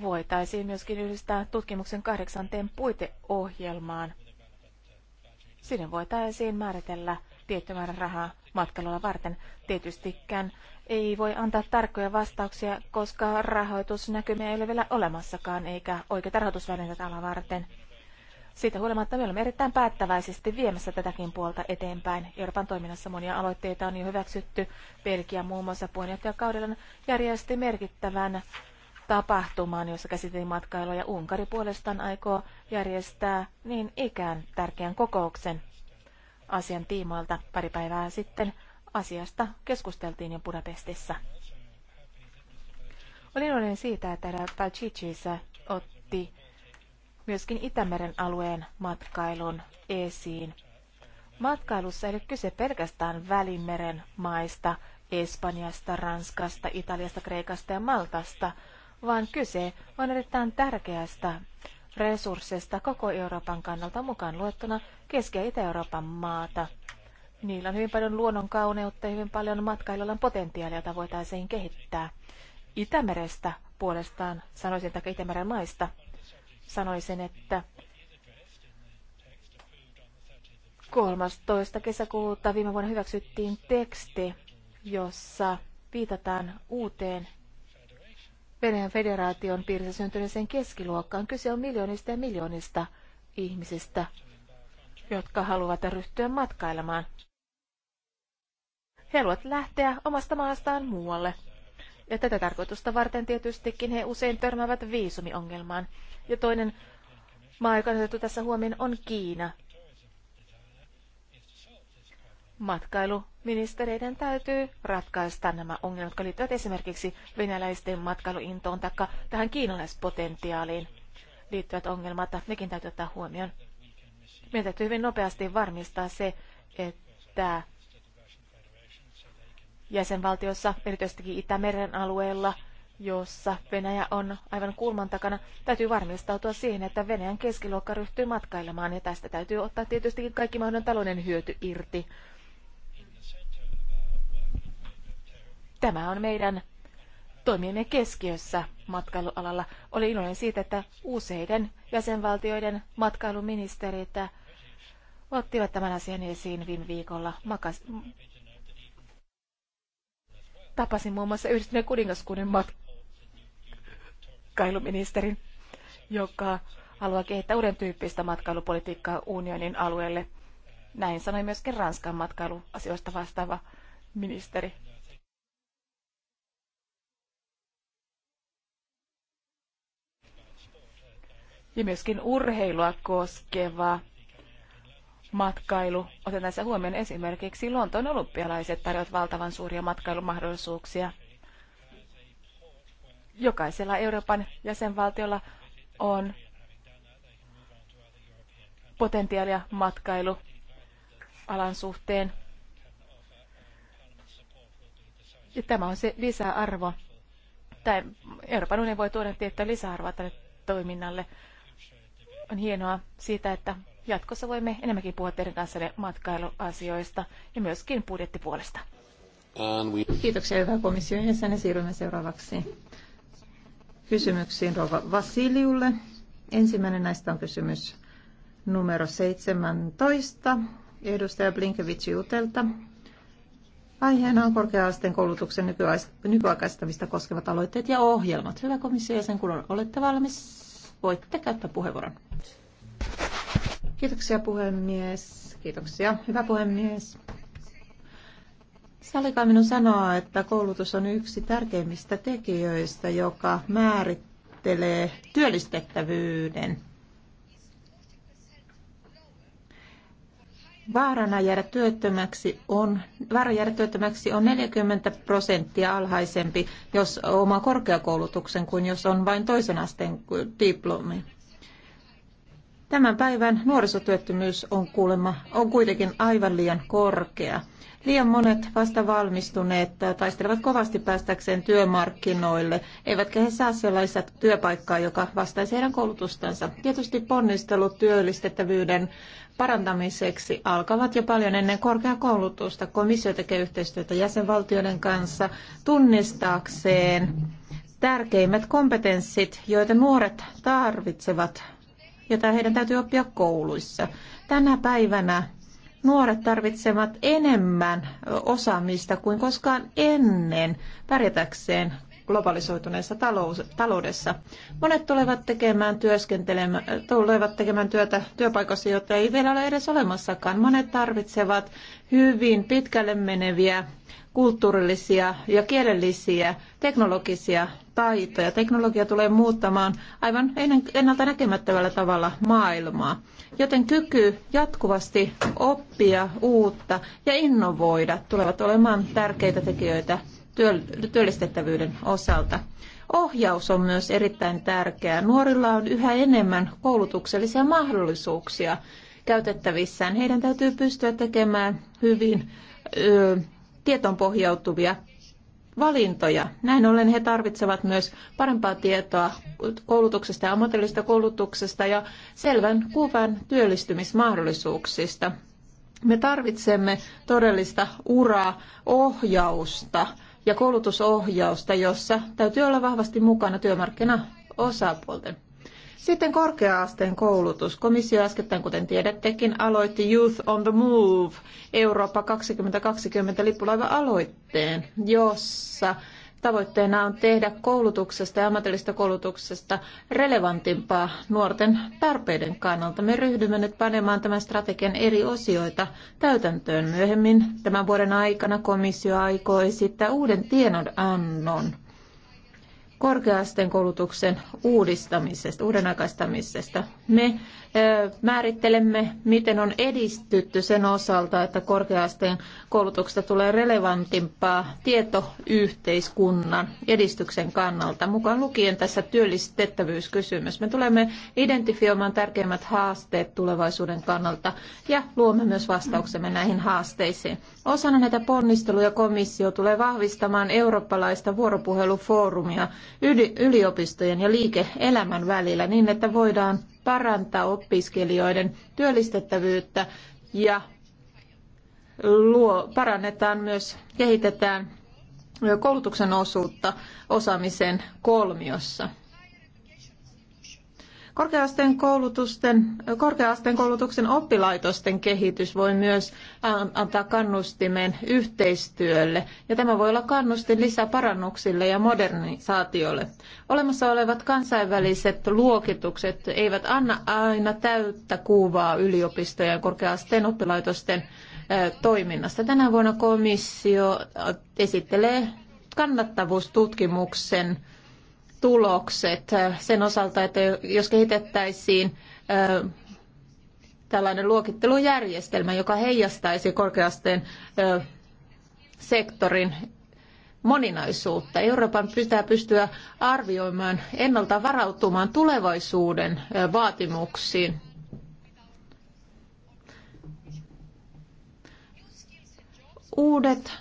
voitaisiin myöskin yhdistää tutkimuksen kahdeksanteen puiteohjelmaan – Sinne voitaisiin määritellä tietty määrä rahaa matkailulla varten. Tietystikään ei voi antaa tarkkoja vastauksia, koska rahoitusnäkymiä ei ole vielä olemassakaan, eikä oikeita rahoitusvälineitä ala varten. Siitä huolimatta me olemme erittäin päättäväisesti viemässä tätäkin puolta eteenpäin. Euroopan toiminnassa monia aloitteita on jo hyväksytty. Belgia muun muassa puheenjohtajakaudella järjesti merkittävän tapahtumaan, jossa käsiteltiin matkailua, ja Unkari puolestaan aikoo järjestää niin ikään tärkeän kokouksen asian tiimoilta. Pari päivää sitten asiasta keskusteltiin jo Budapestissa. Olin iloinen siitä, että Palcicis otti myöskin Itämeren alueen matkailun esiin. Matkailussa ei ole kyse pelkästään Välimeren maista, Espanjasta, Ranskasta, Italiasta, Kreikasta ja Maltasta, vaan kyse on erittäin tärkeästä resursseista koko Euroopan kannalta mukaan luettuna Keski- ja Itä-Euroopan maata. Niillä on hyvin paljon luonnonkauneutta ja hyvin paljon matkailualan potentiaalia, jota voitaisiin kehittää. Itämerestä puolestaan sanoisin, että Itämeren maista sanoisin, että 13. kesäkuuta viime vuonna hyväksyttiin teksti, jossa viitataan uuteen Venäjän federaation piirissä syntyneeseen keskiluokkaan. Kyse on miljoonista ja miljoonista ihmisistä, jotka haluavat ryhtyä matkailemaan. He haluavat lähteä omasta maastaan muualle. Ja tätä tarkoitusta varten tietystikin he usein törmäävät viisumiongelmaan. Ja toinen maa, joka on otettu tässä huomioon, on Kiina matkailuministereiden täytyy ratkaista nämä ongelmat, jotka liittyvät esimerkiksi venäläisten matkailuintoon tai tähän kiinalaispotentiaaliin liittyvät ongelmat. Nekin täytyy ottaa huomioon. Meidän täytyy hyvin nopeasti varmistaa se, että jäsenvaltiossa, erityisesti Itämeren alueella, jossa Venäjä on aivan kulman takana, täytyy varmistautua siihen, että Venäjän keskiluokka ryhtyy matkailemaan, ja tästä täytyy ottaa tietysti kaikki mahdollinen talouden hyöty irti. Tämä on meidän toimiemme keskiössä matkailualalla. Oli iloinen siitä, että useiden jäsenvaltioiden matkailuministerit ottivat tämän asian esiin viime viikolla. Makas... Tapasin muun muassa yhdistyneen kuningaskunnan matkailuministerin, joka haluaa kehittää uuden tyyppistä matkailupolitiikkaa unionin alueelle. Näin sanoi myöskin Ranskan matkailuasioista vastaava ministeri. ja myöskin urheilua koskeva matkailu. Otetaan tässä huomioon esimerkiksi Lontoon olympialaiset tarjoavat valtavan suuria matkailumahdollisuuksia. Jokaisella Euroopan jäsenvaltiolla on potentiaalia matkailualan suhteen. Ja tämä on se lisäarvo. Tai Euroopan unioni voi tuoda tiettyä lisäarvoa tälle toiminnalle on hienoa siitä, että jatkossa voimme enemmänkin puhua teidän kanssa matkailuasioista ja myöskin budjettipuolesta. Kiitoksia hyvä komission jäsen siirrymme seuraavaksi kysymyksiin Rova Vasiliulle. Ensimmäinen näistä on kysymys numero 17 edustaja Blinkevich-Jutelta. Aiheena on korkea-asteen koulutuksen nykyaikaistamista koskevat aloitteet ja ohjelmat. Hyvä komission jäsen, kun olette valmis voitte käyttää puheenvuoron. Kiitoksia puhemies. Kiitoksia, hyvä puhemies. Sallikaa minun sanoa, että koulutus on yksi tärkeimmistä tekijöistä, joka määrittelee työllistettävyyden Vaarana jäädä työttömäksi on, vaara jäädä työttömäksi on 40 prosenttia alhaisempi, jos oma korkeakoulutuksen kuin jos on vain toisen asteen diplomi. Tämän päivän nuorisotyöttömyys on kuulemma on kuitenkin aivan liian korkea. Liian monet vasta valmistuneet taistelevat kovasti päästäkseen työmarkkinoille, eivätkä he saa sellaista työpaikkaa, joka vastaisi heidän koulutustansa. Tietysti ponnistelut työllistettävyyden parantamiseksi alkavat jo paljon ennen korkeakoulutusta. Komissio tekee yhteistyötä jäsenvaltioiden kanssa tunnistaakseen tärkeimmät kompetenssit, joita nuoret tarvitsevat, joita heidän täytyy oppia kouluissa. Tänä päivänä nuoret tarvitsevat enemmän osaamista kuin koskaan ennen pärjätäkseen globalisoituneessa talous, taloudessa. Monet tulevat tekemään, tulevat tekemään työtä työpaikoissa, joita ei vielä ole edes olemassakaan. Monet tarvitsevat hyvin pitkälle meneviä kulttuurillisia ja kielellisiä teknologisia taitoja. Teknologia tulee muuttamaan aivan ennalta näkemättävällä tavalla maailmaa. Joten kyky jatkuvasti oppia uutta ja innovoida tulevat olemaan tärkeitä tekijöitä työllistettävyyden osalta. Ohjaus on myös erittäin tärkeää. Nuorilla on yhä enemmän koulutuksellisia mahdollisuuksia käytettävissään. Heidän täytyy pystyä tekemään hyvin ö, tietoon pohjautuvia valintoja. Näin ollen he tarvitsevat myös parempaa tietoa koulutuksesta ja ammatillisesta koulutuksesta ja selvän kuvan työllistymismahdollisuuksista. Me tarvitsemme todellista uraa, ohjausta ja koulutusohjausta, jossa täytyy olla vahvasti mukana työmarkkinaosapuolten. Sitten korkea-asteen koulutus. Komissio äskettäin, kuten tiedättekin, aloitti Youth on the Move Eurooppa 2020 lippulaiva-aloitteen, jossa Tavoitteena on tehdä koulutuksesta ja ammatillisesta koulutuksesta relevantimpaa nuorten tarpeiden kannalta. Me ryhdymme nyt panemaan tämän strategian eri osioita täytäntöön myöhemmin. Tämän vuoden aikana komissio aikoo esittää uuden tiedonannon korkeasteen koulutuksen uudistamisesta, uudenaikaistamisesta. Me määrittelemme, miten on edistytty sen osalta, että korkeasteen koulutuksesta tulee relevantimpaa tietoyhteiskunnan edistyksen kannalta, mukaan lukien tässä työllistettävyyskysymys. Me tulemme identifioimaan tärkeimmät haasteet tulevaisuuden kannalta ja luomme myös vastauksemme näihin haasteisiin. Osana näitä ponnisteluja komissio tulee vahvistamaan eurooppalaista vuoropuhelufoorumia yliopistojen ja liike-elämän välillä niin, että voidaan parantaa opiskelijoiden työllistettävyyttä ja luo, parannetaan myös, kehitetään koulutuksen osuutta osaamisen kolmiossa. Korkeasteen, koulutusten, korkeasteen koulutuksen oppilaitosten kehitys voi myös ähm, antaa kannustimen yhteistyölle, ja tämä voi olla kannustin lisäparannuksille ja modernisaatiolle. Olemassa olevat kansainväliset luokitukset eivät anna aina täyttä kuvaa yliopistojen ja korkeasteen oppilaitosten äh, toiminnasta. Tänä vuonna komissio äh, esittelee kannattavuustutkimuksen tulokset sen osalta, että jos kehitettäisiin tällainen luokittelujärjestelmä, joka heijastaisi korkeasteen sektorin moninaisuutta. Euroopan pitää pystyä arvioimaan ennalta varautumaan tulevaisuuden vaatimuksiin. Uudet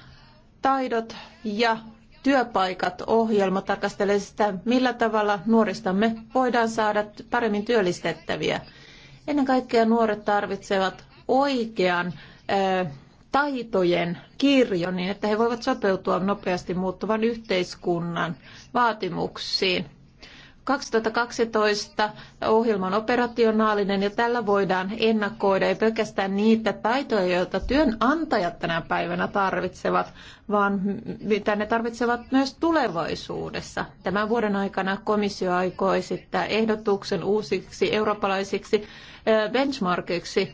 taidot ja työpaikat ohjelma tarkastelee sitä, millä tavalla nuoristamme voidaan saada paremmin työllistettäviä. Ennen kaikkea nuoret tarvitsevat oikean taitojen kirjo niin, että he voivat sopeutua nopeasti muuttuvan yhteiskunnan vaatimuksiin. 2012 ohjelma on operationaalinen ja tällä voidaan ennakoida ei pelkästään niitä taitoja, joita työnantajat tänä päivänä tarvitsevat, vaan mitä ne tarvitsevat myös tulevaisuudessa. Tämän vuoden aikana komissio aikoo esittää ehdotuksen uusiksi eurooppalaisiksi benchmarkiksi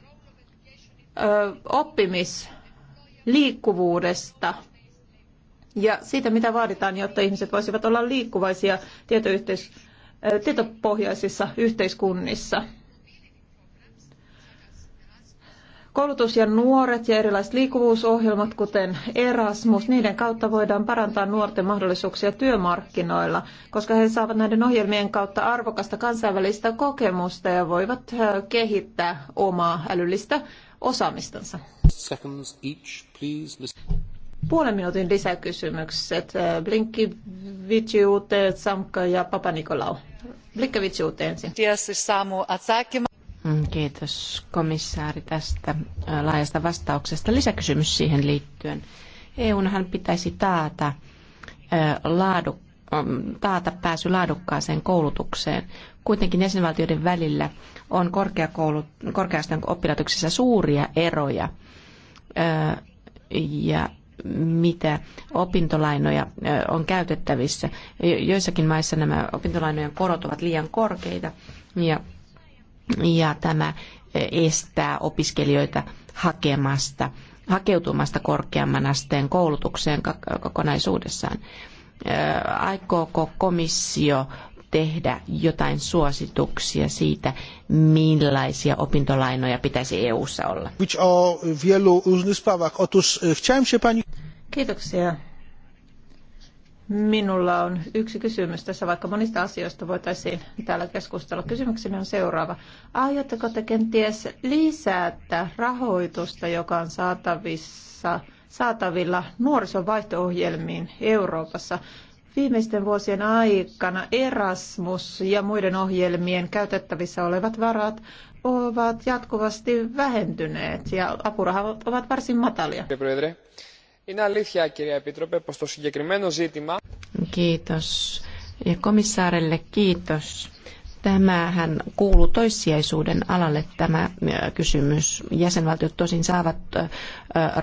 oppimisliikkuvuudesta ja siitä, mitä vaaditaan, jotta ihmiset voisivat olla liikkuvaisia tietoyhteiskunnassa tietopohjaisissa yhteiskunnissa. Koulutus ja nuoret ja erilaiset liikkuvuusohjelmat, kuten Erasmus, niiden kautta voidaan parantaa nuorten mahdollisuuksia työmarkkinoilla, koska he saavat näiden ohjelmien kautta arvokasta kansainvälistä kokemusta ja voivat kehittää omaa älyllistä osaamistansa puolen minuutin lisäkysymykset. Blinkiviciute, Samka ja Papa Nikolau. Blinkevičiute ensin. Mm, kiitos komissaari tästä laajasta vastauksesta. Lisäkysymys siihen liittyen. EUnhan pitäisi taata, laadu, taata pääsy laadukkaaseen koulutukseen. Kuitenkin jäsenvaltioiden välillä on korkeaston oppilaitoksissa suuria eroja. Ja mitä opintolainoja on käytettävissä. Joissakin maissa nämä opintolainojen korot ovat liian korkeita ja, ja tämä estää opiskelijoita hakemasta, hakeutumasta korkeamman asteen koulutukseen kokonaisuudessaan aikooko komissio tehdä jotain suosituksia siitä, millaisia opintolainoja pitäisi EU-ssa olla? E, Kiitoksia. Minulla on yksi kysymys tässä, vaikka monista asioista voitaisiin täällä keskustella. Kysymykseni on seuraava. Aiotteko te kenties lisätä rahoitusta, joka on saatavissa, saatavilla nuorison vaihto-ohjelmiin Euroopassa? Viimeisten vuosien aikana Erasmus ja muiden ohjelmien käytettävissä olevat varat ovat jatkuvasti vähentyneet ja apurahat ovat varsin matalia. Kiitos. Ja komissaarelle kiitos. Tämähän kuuluu toissijaisuuden alalle tämä kysymys. Jäsenvaltiot tosin saavat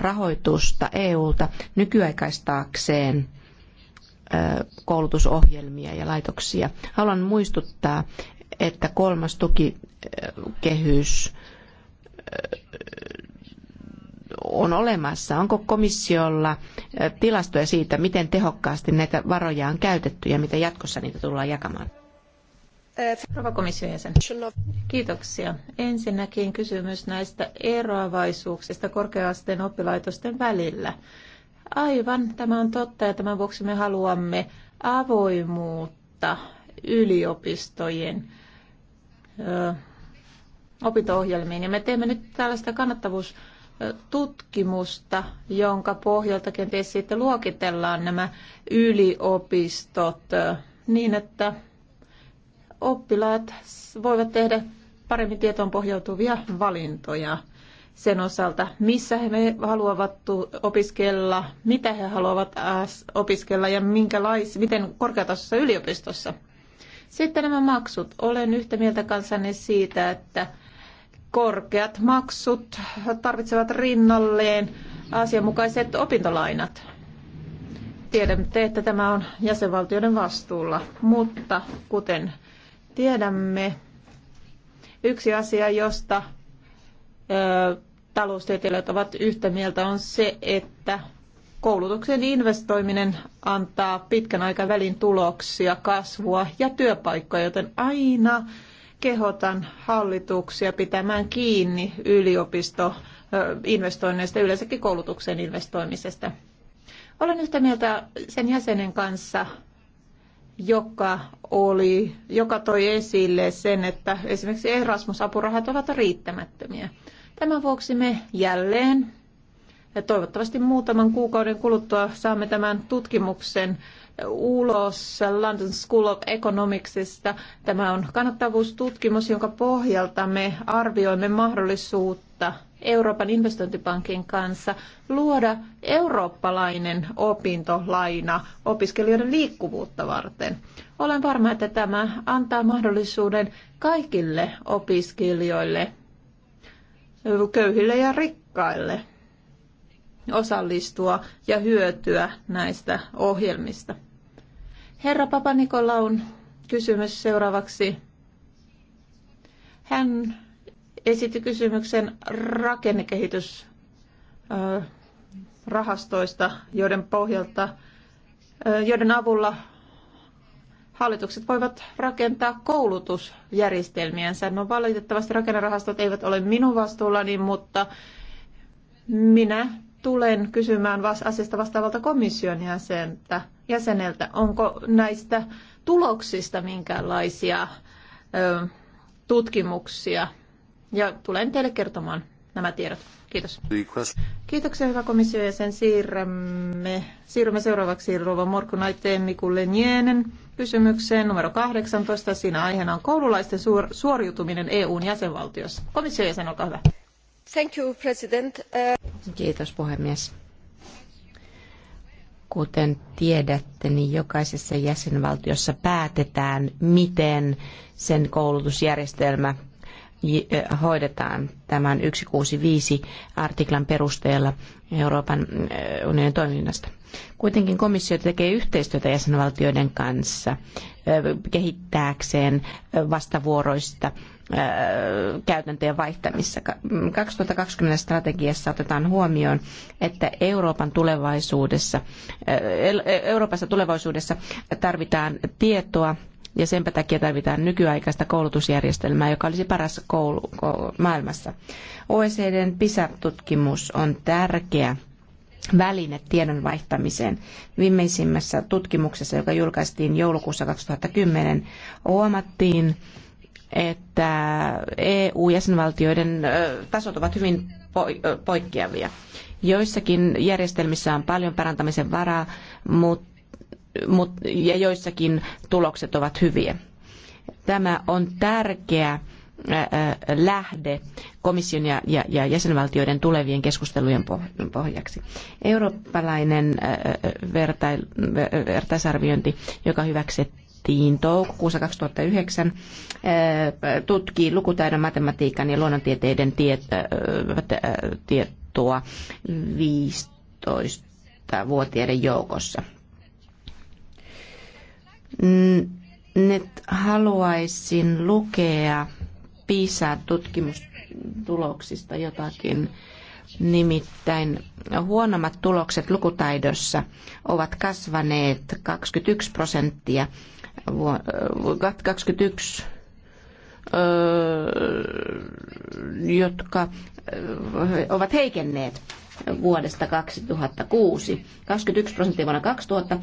rahoitusta EU-ta nykyaikaistaakseen – koulutusohjelmia ja laitoksia. Haluan muistuttaa, että kolmas tukikehys on olemassa. Onko komissiolla tilastoja siitä, miten tehokkaasti näitä varoja on käytetty ja miten jatkossa niitä tullaan jakamaan? Rouva komission jäsen. Kiitoksia. Ensinnäkin kysymys näistä eroavaisuuksista korkeasteen oppilaitosten välillä. Aivan, tämä on totta ja tämän vuoksi me haluamme avoimuutta yliopistojen ö, opinto-ohjelmiin. Ja me teemme nyt tällaista kannattavuustutkimusta, jonka pohjalta kenties sitten luokitellaan nämä yliopistot niin, että oppilaat voivat tehdä paremmin tietoon pohjautuvia valintoja sen osalta, missä he haluavat opiskella, mitä he haluavat äh, opiskella ja minkälais, miten korkeatasossa yliopistossa. Sitten nämä maksut. Olen yhtä mieltä kanssanne siitä, että korkeat maksut tarvitsevat rinnalleen asianmukaiset opintolainat. Tiedämme, että tämä on jäsenvaltioiden vastuulla, mutta kuten tiedämme, yksi asia, josta taloustieteilijät ovat yhtä mieltä, on se, että koulutuksen investoiminen antaa pitkän aikavälin tuloksia, kasvua ja työpaikkoja, joten aina kehotan hallituksia pitämään kiinni yliopistoinvestoinneista, yleensäkin koulutuksen investoimisesta. Olen yhtä mieltä sen jäsenen kanssa, joka, oli, joka toi esille sen, että esimerkiksi Erasmus-apurahat ovat riittämättömiä. Tämän vuoksi me jälleen ja toivottavasti muutaman kuukauden kuluttua saamme tämän tutkimuksen ulos London School of Economicsista. Tämä on kannattavuustutkimus, jonka pohjalta me arvioimme mahdollisuutta Euroopan investointipankin kanssa luoda eurooppalainen opintolaina opiskelijoiden liikkuvuutta varten. Olen varma, että tämä antaa mahdollisuuden kaikille opiskelijoille köyhille ja rikkaille osallistua ja hyötyä näistä ohjelmista. Herra Papa Nikolaun kysymys seuraavaksi. Hän esitti kysymyksen rakennekehitysrahastoista, joiden pohjalta, joiden avulla Hallitukset voivat rakentaa koulutusjärjestelmiänsä. No valitettavasti rakennerahastot eivät ole minun vastuullani, mutta minä tulen kysymään asiasta vastaavalta komission jäseneltä, jäseneltä, onko näistä tuloksista minkäänlaisia ö, tutkimuksia. Ja tulen teille kertomaan nämä tiedot. Kiitos. Kiitoksia hyvä komissio ja sen siirrämme, siirrymme seuraavaksi Rova Morkunaiteen Mikulle Nienen kysymykseen numero 18. Siinä aiheena on koululaisten suor- suoriutuminen EUn jäsenvaltiossa. Komission jäsen, olkaa hyvä. Thank you, President. Uh... Kiitos puhemies. Kuten tiedätte, niin jokaisessa jäsenvaltiossa päätetään, miten sen koulutusjärjestelmä hoidetaan tämän 165 artiklan perusteella Euroopan unionin toiminnasta. Kuitenkin komissio tekee yhteistyötä jäsenvaltioiden kanssa kehittääkseen vastavuoroista käytäntöjen vaihtamissa. 2020 mm, strategiassa otetaan huomioon, että Euroopan tulevaisuudessa, Euroopassa tulevaisuudessa tarvitaan tietoa ja senpä takia tarvitaan nykyaikaista koulutusjärjestelmää, joka olisi paras koulu, koulu maailmassa. OECDn PISA-tutkimus on tärkeä väline tiedon vaihtamiseen. Viimeisimmässä tutkimuksessa, joka julkaistiin joulukuussa 2010, huomattiin, että EU-jäsenvaltioiden tasot ovat hyvin poikkeavia. Joissakin järjestelmissä on paljon parantamisen varaa, mutta ja joissakin tulokset ovat hyviä. Tämä on tärkeä lähde komission ja, ja, ja jäsenvaltioiden tulevien keskustelujen pohjaksi. Eurooppalainen vertai, vertaisarviointi, joka hyväksyttiin toukokuussa 2009, tutkii lukutaidon, matematiikan ja luonnontieteiden tietoa 15-vuotiaiden joukossa nyt haluaisin lukea PISA-tutkimustuloksista jotakin. Nimittäin huonommat tulokset lukutaidossa ovat kasvaneet 21 prosenttia 21 äh, äh, jotka äh, ovat heikenneet vuodesta 2006. 21 prosenttia vuonna 2000,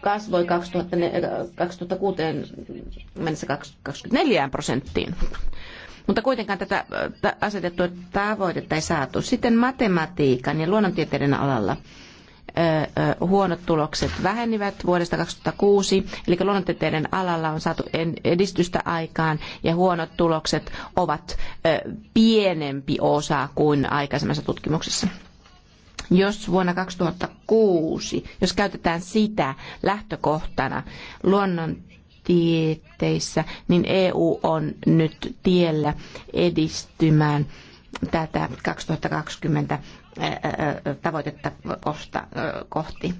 kasvoi 2006 mennessä 24 prosenttiin. Mutta kuitenkaan tätä asetettua tavoitetta ei saatu. Sitten matematiikan ja luonnontieteiden alalla huonot tulokset vähenivät vuodesta 2006, eli luonnontieteiden alalla on saatu edistystä aikaan ja huonot tulokset ovat pienempi osa kuin aikaisemmassa tutkimuksessa. Jos vuonna 2006, jos käytetään sitä lähtökohtana luonnontieteissä, niin EU on nyt tiellä edistymään tätä 2020 tavoitetta kohti.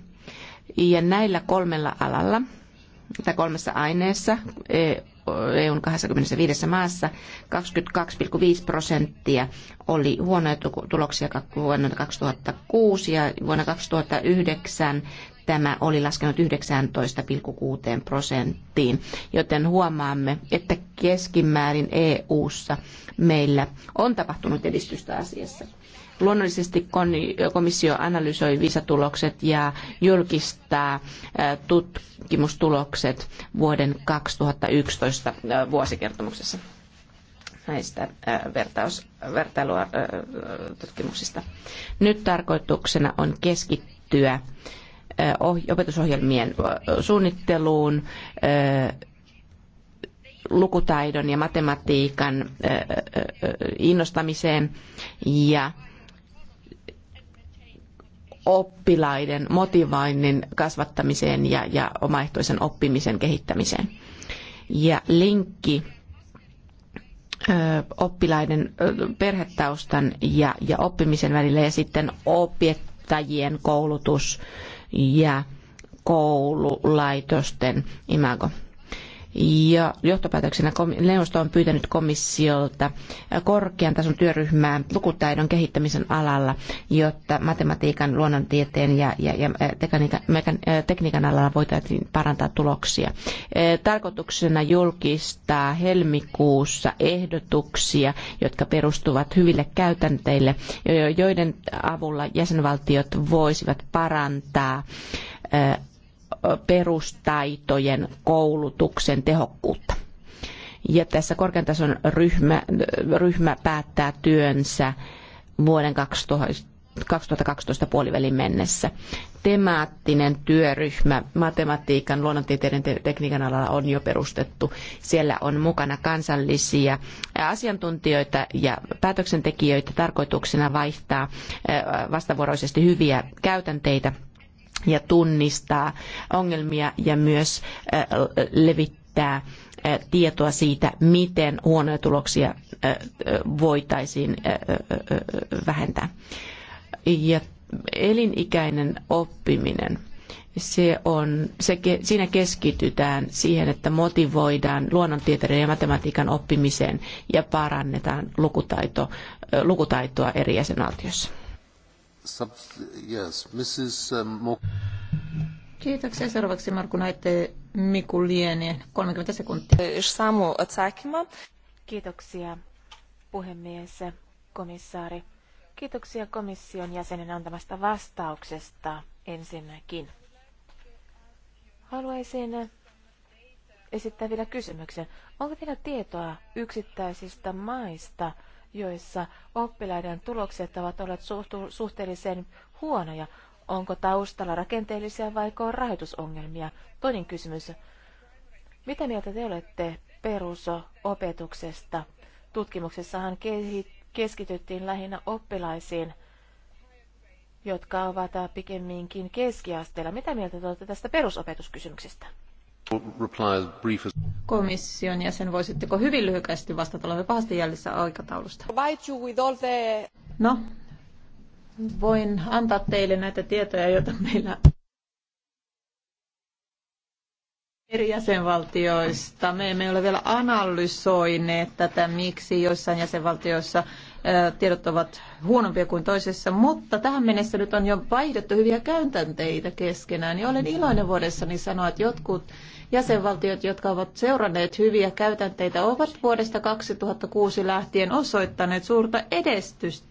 Ja näillä kolmella alalla tai kolmessa aineessa e, EUn 25 maassa 22,5 prosenttia oli huonoja tuloksia vuonna 2006 ja vuonna 2009 tämä oli laskenut 19,6 prosenttiin, joten huomaamme, että keskimäärin EU:ssa meillä on tapahtunut edistystä asiassa. Luonnollisesti komissio analysoi visatulokset ja julkistaa äh, tutkimustulokset vuoden 2011 äh, vuosikertomuksessa näistä äh, vertaus, vertailua tutkimuksista. Nyt tarkoituksena on keskittyä opetusohjelmien suunnitteluun, lukutaidon ja matematiikan innostamiseen ja oppilaiden motivoinnin kasvattamiseen ja, ja omaehtoisen oppimisen kehittämiseen. Ja linkki oppilaiden perhetaustan ja, ja oppimisen välillä ja sitten opettajien koulutus ja koululaitosten imago. Ja johtopäätöksenä neuvosto on pyytänyt komissiolta korkean tason työryhmää lukutaidon kehittämisen alalla, jotta matematiikan, luonnontieteen ja, ja, ja tekniikan alalla voitaisiin parantaa tuloksia. Tarkoituksena julkistaa helmikuussa ehdotuksia, jotka perustuvat hyville käytänteille, joiden avulla jäsenvaltiot voisivat parantaa perustaitojen koulutuksen tehokkuutta. Ja tässä korkean tason ryhmä, ryhmä päättää työnsä vuoden 2012 puolivälin mennessä. Temaattinen työryhmä matematiikan, luonnontieteiden tekniikan alalla on jo perustettu. Siellä on mukana kansallisia asiantuntijoita ja päätöksentekijöitä tarkoituksena vaihtaa vastavuoroisesti hyviä käytänteitä – ja tunnistaa ongelmia ja myös levittää tietoa siitä, miten huonoja tuloksia voitaisiin vähentää. Ja elinikäinen oppiminen se on, se, siinä keskitytään siihen, että motivoidaan luonnontieteiden ja matematiikan oppimiseen ja parannetaan lukutaito, lukutaitoa eri jäsenvaltioissa. Um, Kiitoksia. Seuraavaksi Markku Naitte Mikulienien 30 sekuntia. Samu Otsakima. Kiitoksia puhemies, komissaari. Kiitoksia komission jäsenen antamasta vastauksesta ensinnäkin. Haluaisin esittää vielä kysymyksen. Onko teillä tietoa yksittäisistä maista, joissa oppilaiden tulokset ovat olleet suhteellisen huonoja. Onko taustalla rakenteellisia vai rahoitusongelmia? Toinen kysymys. Mitä mieltä te olette perusopetuksesta? Tutkimuksessahan keskityttiin lähinnä oppilaisiin, jotka ovat pikemminkin keskiasteella. Mitä mieltä te olette tästä perusopetuskysymyksestä? Komission jäsen, voisitteko hyvin lyhykäisesti vastata? Olemme pahasti jäljessä aikataulusta. No, voin antaa teille näitä tietoja, joita meillä eri jäsenvaltioista. Me emme ole vielä analysoineet tätä, miksi joissain jäsenvaltioissa tiedot ovat huonompia kuin toisessa, mutta tähän mennessä nyt on jo vaihdettu hyviä käytänteitä keskenään. Ja olen iloinen vuodessani sanoa, että jotkut jäsenvaltiot, jotka ovat seuranneet hyviä käytänteitä, ovat vuodesta 2006 lähtien osoittaneet suurta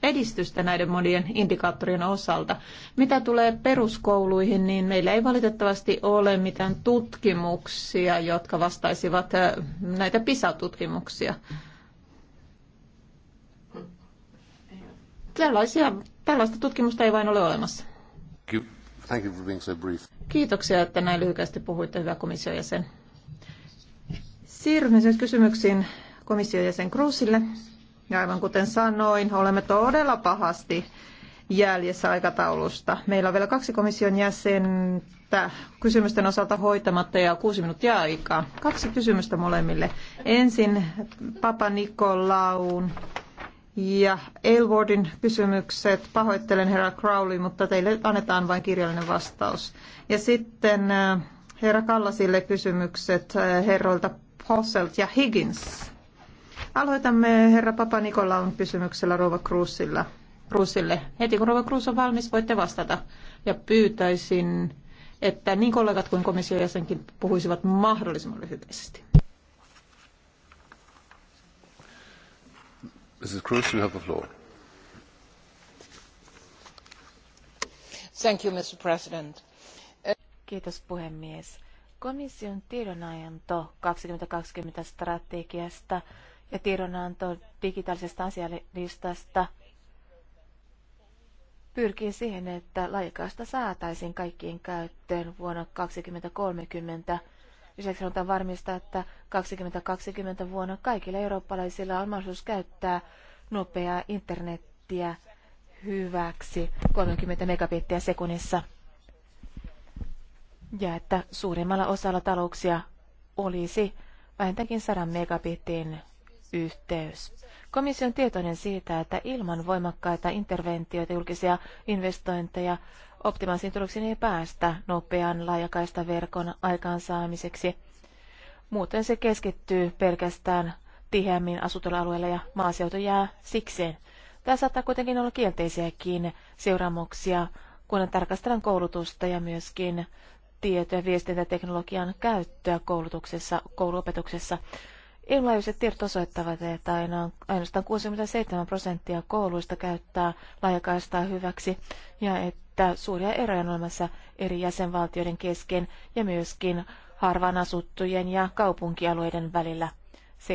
edistystä näiden monien indikaattorien osalta. Mitä tulee peruskouluihin, niin meillä ei valitettavasti ole mitään tutkimuksia, jotka vastaisivat näitä PISA-tutkimuksia. Tällaisia, tällaista tutkimusta ei vain ole olemassa. Thank you for being so brief. Kiitoksia, että näin lyhykästi puhuitte, hyvä komission jäsen. Siirrymme nyt siis kysymyksiin komission jäsen Cruzille. Ja aivan kuten sanoin, olemme todella pahasti jäljessä aikataulusta. Meillä on vielä kaksi komission jäsentä kysymysten osalta hoitamatta ja kuusi minuuttia aikaa. Kaksi kysymystä molemmille. Ensin Papa Nikolaun ja Aylwardin kysymykset. Pahoittelen herra Crowley, mutta teille annetaan vain kirjallinen vastaus. Ja sitten äh, herra Kallasille kysymykset äh, herroilta Posselt ja Higgins. Aloitamme herra Papa Nikolaun kysymyksellä Rova Cruzilla. Cruzille. Heti kun Rova Cruz on valmis, voitte vastata. Ja pyytäisin, että niin kollegat kuin komission jäsenkin puhuisivat mahdollisimman lyhyesti. mr Kiitos puhemies. Komission tiedonanto 2020 strategiasta ja tiedonanto digitaalisesta asialistasta pyrkii siihen, että laajakaista saataisiin kaikkiin käyttöön vuonna 2030 Lisäksi halutaan varmistaa, että 2020 vuonna kaikilla eurooppalaisilla on mahdollisuus käyttää nopeaa internettiä hyväksi 30 megabittiä sekunnissa. Ja että suurimmalla osalla talouksia olisi vähintäänkin 100 megabitin yhteys. Komission tietoinen siitä, että ilman voimakkaita interventioita julkisia investointeja optimaalisiin tuloksiin ei päästä nopean laajakaista verkon aikaansaamiseksi. Muuten se keskittyy pelkästään tiheämmin asutulla alueella ja maaseutu jää sikseen. Tämä saattaa kuitenkin olla kielteisiäkin seuraamuksia, kun tarkastellaan koulutusta ja myöskin tieto- ja viestintäteknologian käyttöä koulutuksessa, kouluopetuksessa. eu tiedot osoittavat, että aina, ainoastaan 67 prosenttia kouluista käyttää laajakaistaa hyväksi ja että että suuria eroja on olemassa eri jäsenvaltioiden kesken ja myöskin harvaan asuttujen ja kaupunkialueiden välillä. 73,7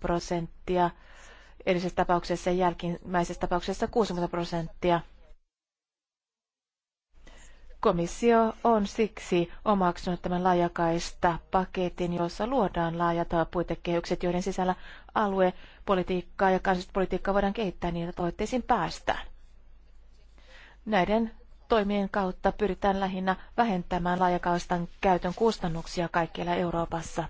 prosenttia, edellisessä tapauksessa ja jälkimmäisessä tapauksessa 60 prosenttia. Komissio on siksi omaksunut tämän laajakaista paketin, jossa luodaan laajat puitekehykset, joiden sisällä aluepolitiikkaa ja kansallispolitiikkaa voidaan kehittää niin, että tavoitteisiin päästään. Näiden toimien kautta pyritään lähinnä vähentämään laajakaistan käytön kustannuksia kaikkialla Euroopassa.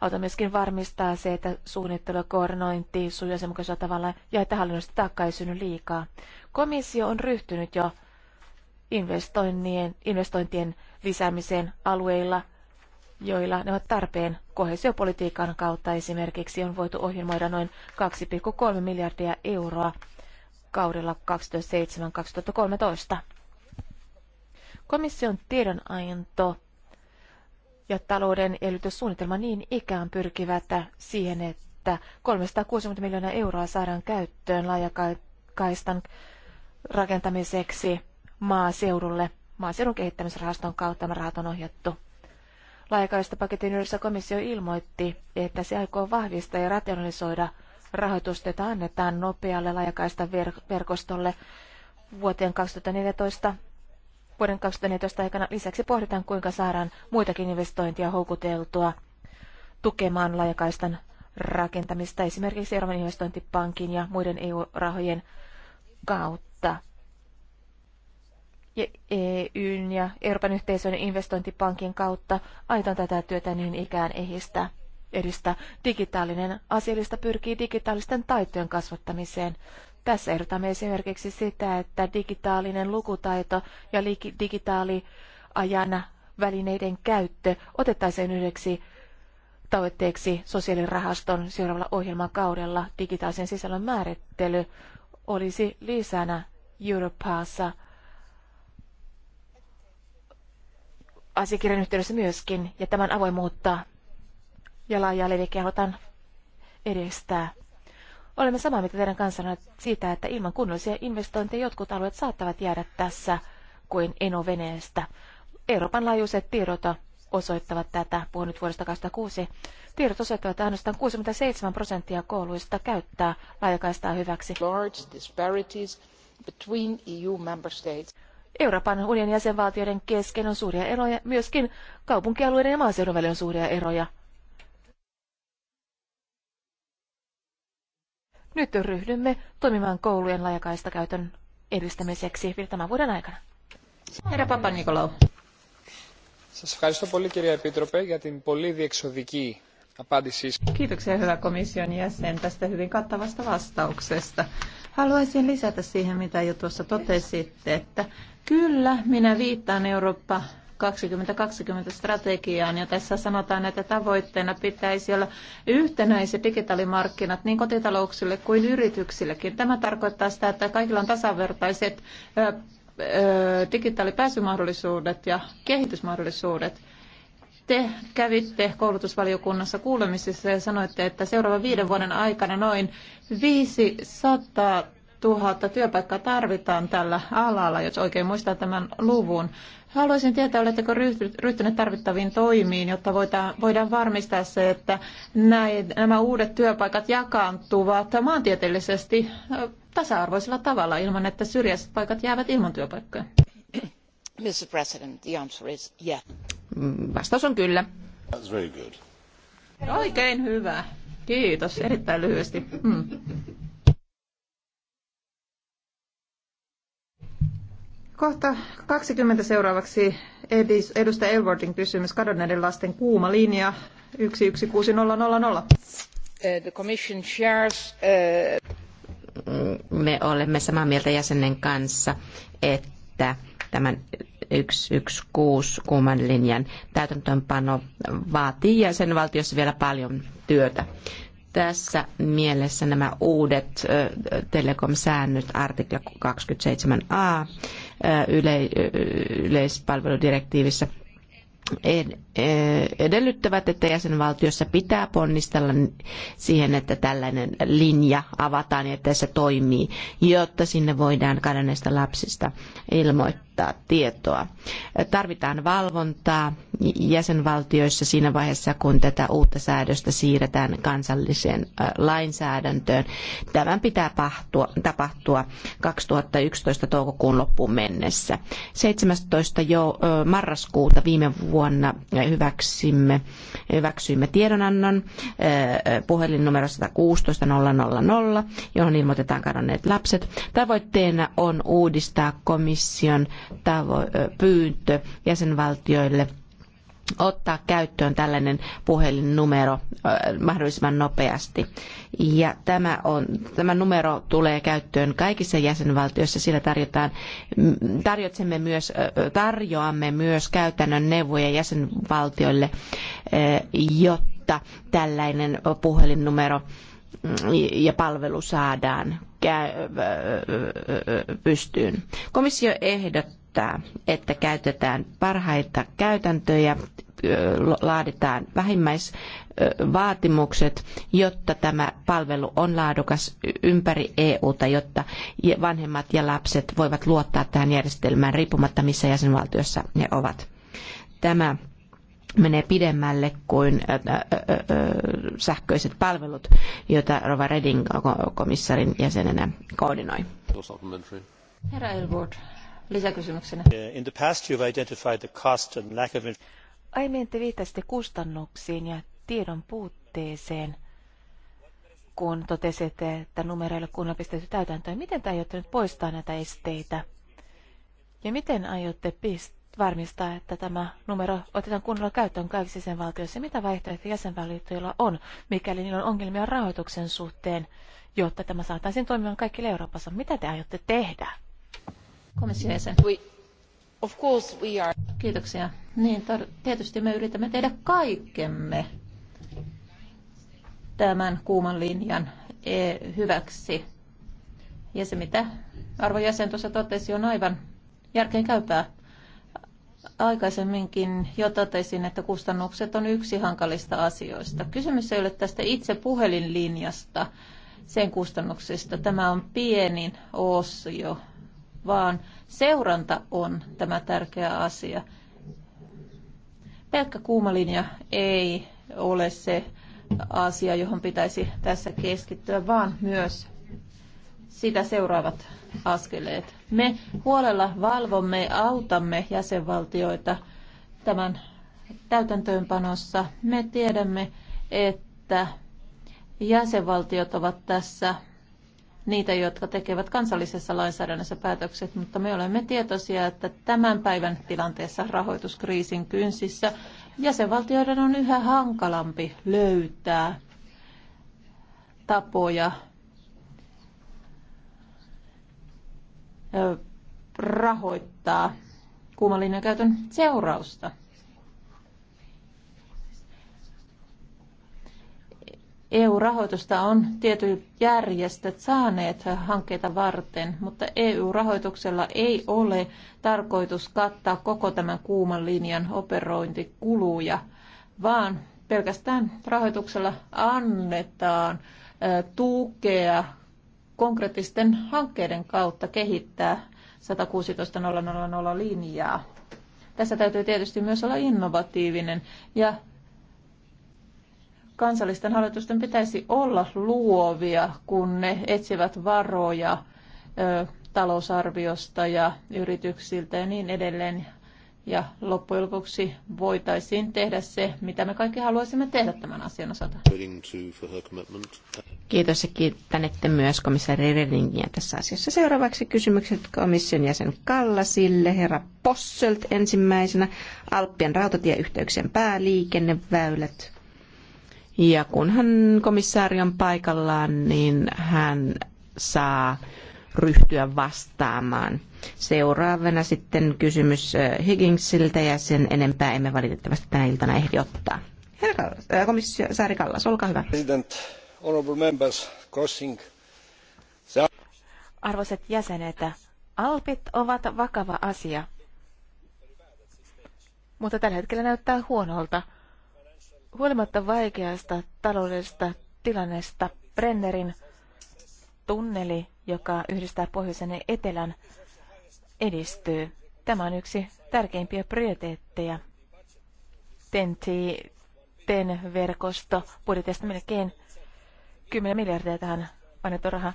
Auta myöskin varmistaa se, että suunnittelu ja koordinointi sujuu tavalla ja että hallinnollista taakkaa ei synny liikaa. Komissio on ryhtynyt jo investointien, investointien lisäämiseen alueilla, joilla ne ovat tarpeen. Kohesiopolitiikan kautta esimerkiksi on voitu ohjelmoida noin 2,3 miljardia euroa kaudella 2007-2013. Komission tiedonanto ja talouden elvytyssuunnitelma niin ikään pyrkivät siihen, että 360 miljoonaa euroa saadaan käyttöön laajakaistan rakentamiseksi maaseudulle. Maaseudun kehittämisrahaston kautta tämä rahat on ohjattu. Laajakaistapaketin yhdessä komissio ilmoitti, että se aikoo vahvistaa ja rationalisoida – rahoitusta, annetaan nopealle laajakaista verkostolle vuoteen 2014 vuoden 2014 aikana. Lisäksi pohditaan, kuinka saadaan muitakin investointia houkuteltua tukemaan laajakaistan rakentamista esimerkiksi Euroopan investointipankin ja muiden EU-rahojen kautta. Ja EUn ja Euroopan yhteisön investointipankin kautta aitan tätä työtä niin ikään ehistää edistä. Digitaalinen asialista pyrkii digitaalisten taitojen kasvattamiseen. Tässä ehdotamme esimerkiksi sitä, että digitaalinen lukutaito ja digitaaliajan välineiden käyttö otettaisiin yhdeksi tavoitteeksi sosiaalirahaston seuraavalla kaudella digitaalisen sisällön määrittely olisi lisänä Europassa asiakirjan yhteydessä myöskin, ja tämän avoimuutta ja kehotan edistää. Olemme samaa mieltä teidän kanssanne siitä, että ilman kunnollisia investointeja jotkut alueet saattavat jäädä tässä kuin enoveneestä. Euroopan laajuiset tiedot osoittavat tätä, puhun nyt vuodesta 2006. Tiedot osoittavat, että ainoastaan 67 prosenttia kouluista käyttää laajakaistaa hyväksi. E Euroopan unionin jäsenvaltioiden kesken on suuria eroja, myöskin kaupunkialueiden ja maaseudun välillä on suuria eroja. Nyt ryhdymme toimimaan koulujen laajakaista käytön edistämiseksi vielä tämän vuoden aikana. Herra Papa Nikolaou. Σας ευχαριστώ πολύ κυρία Επίτροπε για την πολύ διεξοδική απάντησή σας. Kiitoksia hyvä komission jäsen tästä hyvin kattavasta vastauksesta. Haluaisin lisätä siihen, mitä jo tuossa totesitte, että kyllä minä viittaan Eurooppa 2020 strategiaan. Ja tässä sanotaan, että tavoitteena pitäisi olla yhtenäiset digitaalimarkkinat niin kotitalouksille kuin yrityksillekin. Tämä tarkoittaa sitä, että kaikilla on tasavertaiset digitaalipääsymahdollisuudet ja kehitysmahdollisuudet te kävitte koulutusvaliokunnassa kuulemisissa ja sanoitte, että seuraavan viiden vuoden aikana noin 500 000 työpaikkaa tarvitaan tällä alalla, jos oikein muistaa tämän luvun. Haluaisin tietää, oletteko ryhtyneet tarvittaviin toimiin, jotta voidaan varmistaa se, että näin, nämä uudet työpaikat jakaantuvat maantieteellisesti tasa-arvoisella tavalla ilman, että syrjäiset paikat jäävät ilman työpaikkoja? (clears throat) Mr. President, the answer is yeah. Mm, vastaus on kyllä. That's very good. Oikein hyvä. Kiitos, erittäin lyhyesti. Mm. Kohta 20 seuraavaksi edustaja Elwardin kysymys kadonneiden lasten kuuma linja 116000. Uh, the commission shares, uh, Me olemme samaa mieltä jäsenen kanssa, että tämän 116 kuuman linjan täytäntöönpano vaatii jäsenvaltiossa vielä paljon työtä. Tässä mielessä nämä uudet uh, telekom-säännöt, artikla 27a, yle, yleispalveludirektiivissä Eh, edellyttävät, että jäsenvaltiossa pitää ponnistella siihen, että tällainen linja avataan ja että se toimii, jotta sinne voidaan kadonneista lapsista ilmoittaa tietoa. Tarvitaan valvontaa jäsenvaltioissa siinä vaiheessa, kun tätä uutta säädöstä siirretään kansalliseen lainsäädäntöön. Tämän pitää tapahtua 2011 toukokuun loppuun mennessä. 17. marraskuuta viime vuonna me hyväksymme, hyväksyimme tiedonannon eh, puhelinnumero 116 000, johon ilmoitetaan kadonneet lapset. Tavoitteena on uudistaa komission tavo- eh, pyyntö jäsenvaltioille ottaa käyttöön tällainen puhelinnumero mahdollisimman nopeasti. Ja tämä, on, tämä numero tulee käyttöön kaikissa jäsenvaltioissa. Sillä tarjotaan, tarjotsemme myös, tarjoamme myös käytännön neuvoja jäsenvaltioille, jotta tällainen puhelinnumero mm, ja palvelu saadaan pystyyn. Komissio ehdottaa, edellyttää, että käytetään parhaita käytäntöjä, laaditaan vähimmäisvaatimukset, jotta tämä palvelu on laadukas ympäri EUta, jotta vanhemmat ja lapset voivat luottaa tähän järjestelmään riippumatta missä jäsenvaltiossa ne ovat. Tämä menee pidemmälle kuin sähköiset palvelut, joita Rova Reding komissarin jäsenenä koordinoi. Herra Aiemmin te viittasitte kustannuksiin ja tiedon puutteeseen, kun totesitte, että numeroilla kunnolla pistetty täytäntöön. Miten te aiotte nyt poistaa näitä esteitä? Ja miten aiotte pist- varmistaa, että tämä numero otetaan kunnolla käyttöön kaikissa sen valtioissa? Mitä vaihtoehtoja jäsenvaltioilla on, mikäli niillä on ongelmia rahoituksen suhteen, jotta tämä saataisiin toimimaan kaikille Euroopassa? Mitä te aiotte tehdä? Komission jäsen. of course we are. Kiitoksia. Niin, tar- tietysti me yritämme tehdä kaikkemme tämän kuuman linjan e, hyväksi. Ja se, mitä arvojäsen tuossa totesi, on aivan järkeen käypää. Aikaisemminkin jo totesin, että kustannukset on yksi hankalista asioista. Kysymys ei ole tästä itse puhelinlinjasta, sen kustannuksista. Tämä on pienin osio vaan seuranta on tämä tärkeä asia. Pelkkä kuumalinja ei ole se asia, johon pitäisi tässä keskittyä, vaan myös sitä seuraavat askeleet. Me huolella valvomme ja autamme jäsenvaltioita tämän täytäntöönpanossa. Me tiedämme, että jäsenvaltiot ovat tässä niitä, jotka tekevät kansallisessa lainsäädännössä päätökset, mutta me olemme tietoisia, että tämän päivän tilanteessa rahoituskriisin kynsissä jäsenvaltioiden on yhä hankalampi löytää tapoja rahoittaa käytön seurausta. EU-rahoitusta on tietyt järjestöt saaneet hankkeita varten, mutta EU-rahoituksella ei ole tarkoitus kattaa koko tämän kuuman linjan operointikuluja, vaan pelkästään rahoituksella annetaan tukea konkreettisten hankkeiden kautta kehittää 116.000 linjaa. Tässä täytyy tietysti myös olla innovatiivinen ja kansallisten hallitusten pitäisi olla luovia, kun ne etsivät varoja ö, talousarviosta ja yrityksiltä ja niin edelleen. Ja loppujen lopuksi voitaisiin tehdä se, mitä me kaikki haluaisimme tehdä tämän asian osalta. Kiitos ja kiittänette myös komissaari Redingiä tässä asiassa. Seuraavaksi kysymykset komission jäsen Kallasille, herra Posselt ensimmäisenä, Alppien rautatieyhteyksien pääliikenneväylät, ja kun hän komissaari on paikallaan, niin hän saa ryhtyä vastaamaan. Seuraavana sitten kysymys eh, Higginsiltä ja sen enempää emme valitettavasti tänä iltana ehdi ottaa. Eh, komissaari Kallas, olkaa hyvä. President, honorable members, crossing Arvoisat jäsenet, alpit ovat vakava asia, mutta tällä hetkellä näyttää huonolta – Huolimatta vaikeasta taloudellisesta tilanteesta Brennerin tunneli, joka yhdistää pohjoisen ja etelän, edistyy. Tämä on yksi tärkeimpiä prioriteetteja. Tenti, ten verkosto budjetista melkein 10 miljardia tähän annettu raha.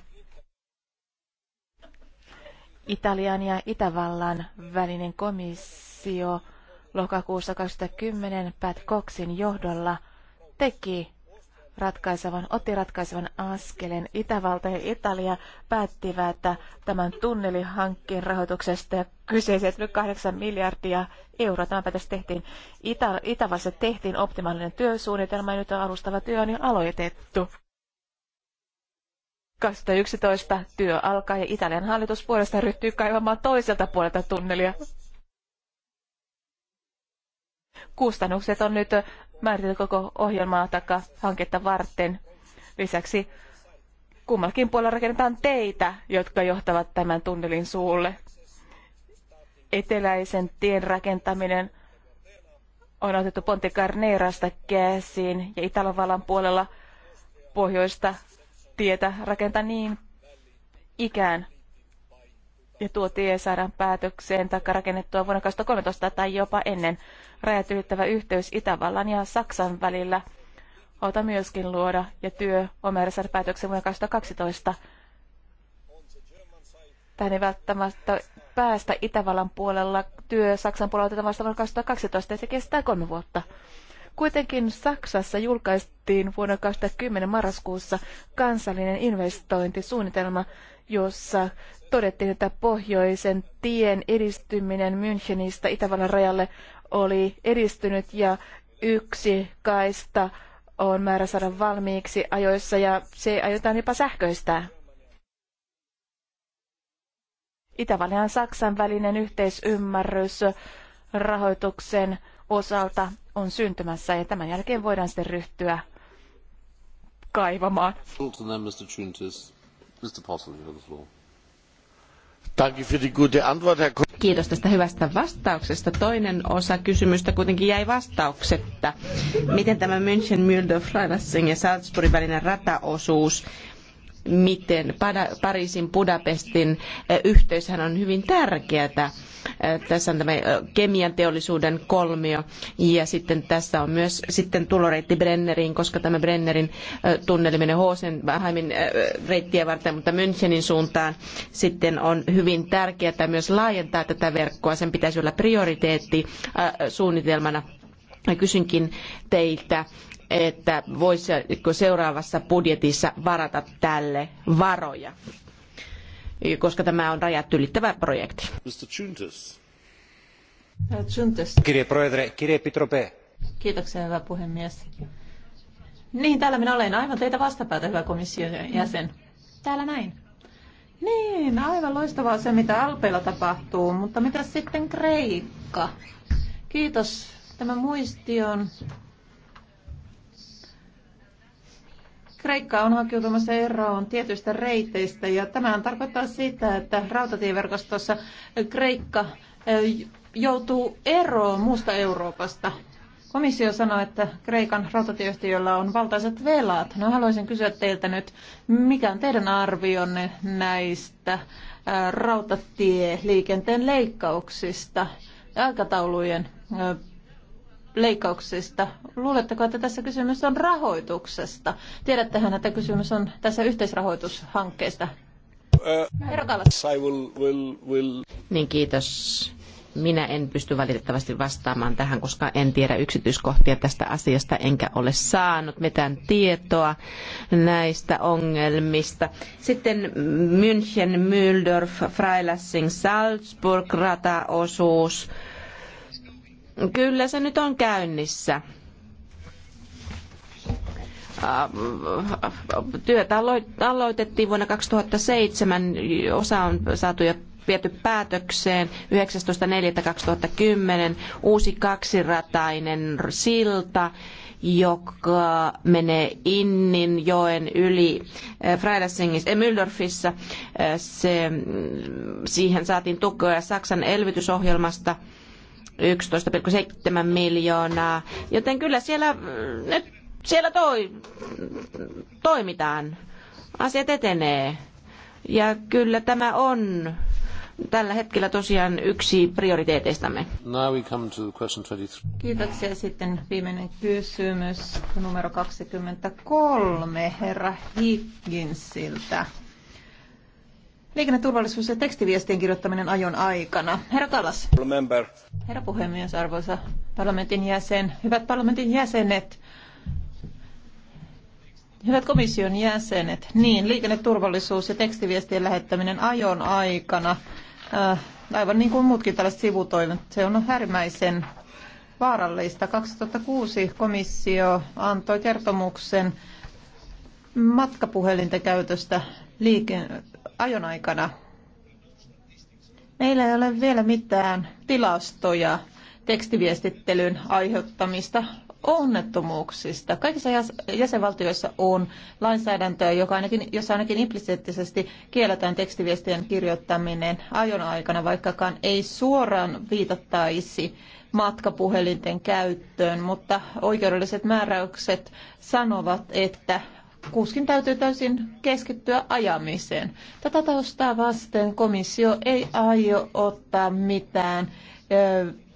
Italian ja Itävallan välinen komissio lokakuussa 2010 Pat Coxin johdolla teki ratkaisevan, otti ratkaisevan askelen. Itävalta ja Italia päättivät tämän tunnelihankkeen rahoituksesta ja kyseiset 8 miljardia euroa. Tämä päätös tehtiin Itä- Itävassa tehtiin optimaalinen työsuunnitelma ja nyt on alustava työ on jo aloitettu. 2011 työ alkaa ja Italian hallitus puolesta ryhtyy kaivamaan toiselta puolelta tunnelia Kustannukset on nyt määritelty koko ohjelmaa taikka hanketta varten. Lisäksi kummallakin puolella rakennetaan teitä, jotka johtavat tämän tunnelin suulle. Eteläisen tien rakentaminen on otettu Ponte Carnerasta käsiin ja Itävallan puolella pohjoista tietä rakentaa niin ikään. Ja tuo tie saadaan päätökseen tai rakennettua vuonna 2013 tai jopa ennen rajat ylittävä yhteys Itävallan ja Saksan välillä ota myöskin luoda ja työ omersar päätöksen vuonna 2012. Tähän ei välttämättä päästä Itävallan puolella. Työ Saksan puolella otetaan vasta vuonna 2012 ja se kestää kolme vuotta. Kuitenkin Saksassa julkaistiin vuonna 2010 marraskuussa kansallinen investointisuunnitelma, jossa todettiin, että pohjoisen tien edistyminen Münchenistä Itävallan rajalle oli edistynyt ja yksi kaista on määrä saada valmiiksi ajoissa ja se aiotaan jopa sähköistää. Itävallan ja Saksan välinen yhteisymmärrys rahoituksen osalta on syntymässä ja tämän jälkeen voidaan sitten ryhtyä kaivamaan. Mr. you have the floor. Kiitos tästä hyvästä vastauksesta. Toinen osa kysymystä kuitenkin jäi vastauksetta. Miten tämä München, Mühldorf, Freilassing ja Salzburgin välinen rataosuus miten Pariisin Budapestin eh, yhteyshän on hyvin tärkeää. Eh, tässä on tämä eh, kemian teollisuuden kolmio ja sitten tässä on myös sitten tuloreitti Brenneriin, koska tämä Brennerin tunneli menee Hosenheimin reittiä varten, mutta Münchenin suuntaan sitten on hyvin tärkeää myös laajentaa tätä verkkoa. Sen pitäisi olla prioriteetti suunnitelmana kysynkin teiltä, että voisiko seuraavassa budjetissa varata tälle varoja, koska tämä on rajat ylittävä projekti. Kirje kirje Kiitoksia, hyvä puhemies. Niin, täällä minä olen aivan teitä vastapäätä, hyvä komission jäsen. Täällä näin. Niin, aivan loistavaa se, mitä Alpeilla tapahtuu, mutta mitä sitten Kreikka? Kiitos tämän muistion Kreikka on hakeutumassa eroon tietyistä reiteistä ja tämä tarkoittaa sitä, että rautatieverkostossa Kreikka joutuu eroon muusta Euroopasta. Komissio sanoi, että Kreikan rautatieyhtiöllä on valtaiset velat. No haluaisin kysyä teiltä nyt, mikä on teidän arvionne näistä rautatieliikenteen leikkauksista ja aikataulujen leikkauksista. Luuletteko, että tässä kysymys on rahoituksesta? Tiedättehän, että kysymys on tässä yhteisrahoitushankkeesta. I will, will, will. Niin, kiitos. Minä en pysty valitettavasti vastaamaan tähän, koska en tiedä yksityiskohtia tästä asiasta, enkä ole saanut mitään tietoa näistä ongelmista. Sitten München, Mühldorf, Freilassing, Salzburg, rataosuus Kyllä se nyt on käynnissä. Työtä aloitettiin vuonna 2007, osa on saatu jo viety päätökseen 19.4.2010 uusi kaksiratainen silta, joka menee Innin joen yli eh, Freidasingissa, eh, Mühldorfissa. Eh, se, siihen saatiin tukea Saksan elvytysohjelmasta 11,7 miljoonaa. Joten kyllä siellä, äh, nyt siellä toi, toimitaan. Asiat etenee. Ja kyllä tämä on tällä hetkellä tosiaan yksi prioriteeteistamme. Now we come to question 23. Kiitoksia. Sitten viimeinen kysymys numero 23 herra Higginsiltä. Liikenneturvallisuus ja tekstiviestien kirjoittaminen ajon aikana. Herra Kallas. Remember. Herra puhemies, arvoisa parlamentin jäsen. Hyvät parlamentin jäsenet. Hyvät komission jäsenet, niin liikenneturvallisuus ja tekstiviestien lähettäminen ajon aikana, äh, aivan niin kuin muutkin tällaiset sivutoimet, se on härmäisen vaarallista. 2006 komissio antoi kertomuksen matkapuhelinten käytöstä liike- ajon aikana. Meillä ei ole vielä mitään tilastoja tekstiviestittelyn aiheuttamista onnettomuuksista. Kaikissa jäsenvaltioissa on lainsäädäntöä, joka ainakin, jossa ainakin implisiittisesti kielletään tekstiviestien kirjoittaminen ajon aikana, vaikkakaan ei suoraan viitattaisi matkapuhelinten käyttöön, mutta oikeudelliset määräykset sanovat, että kuskin täytyy täysin keskittyä ajamiseen. Tätä taustaa vasten komissio ei aio ottaa mitään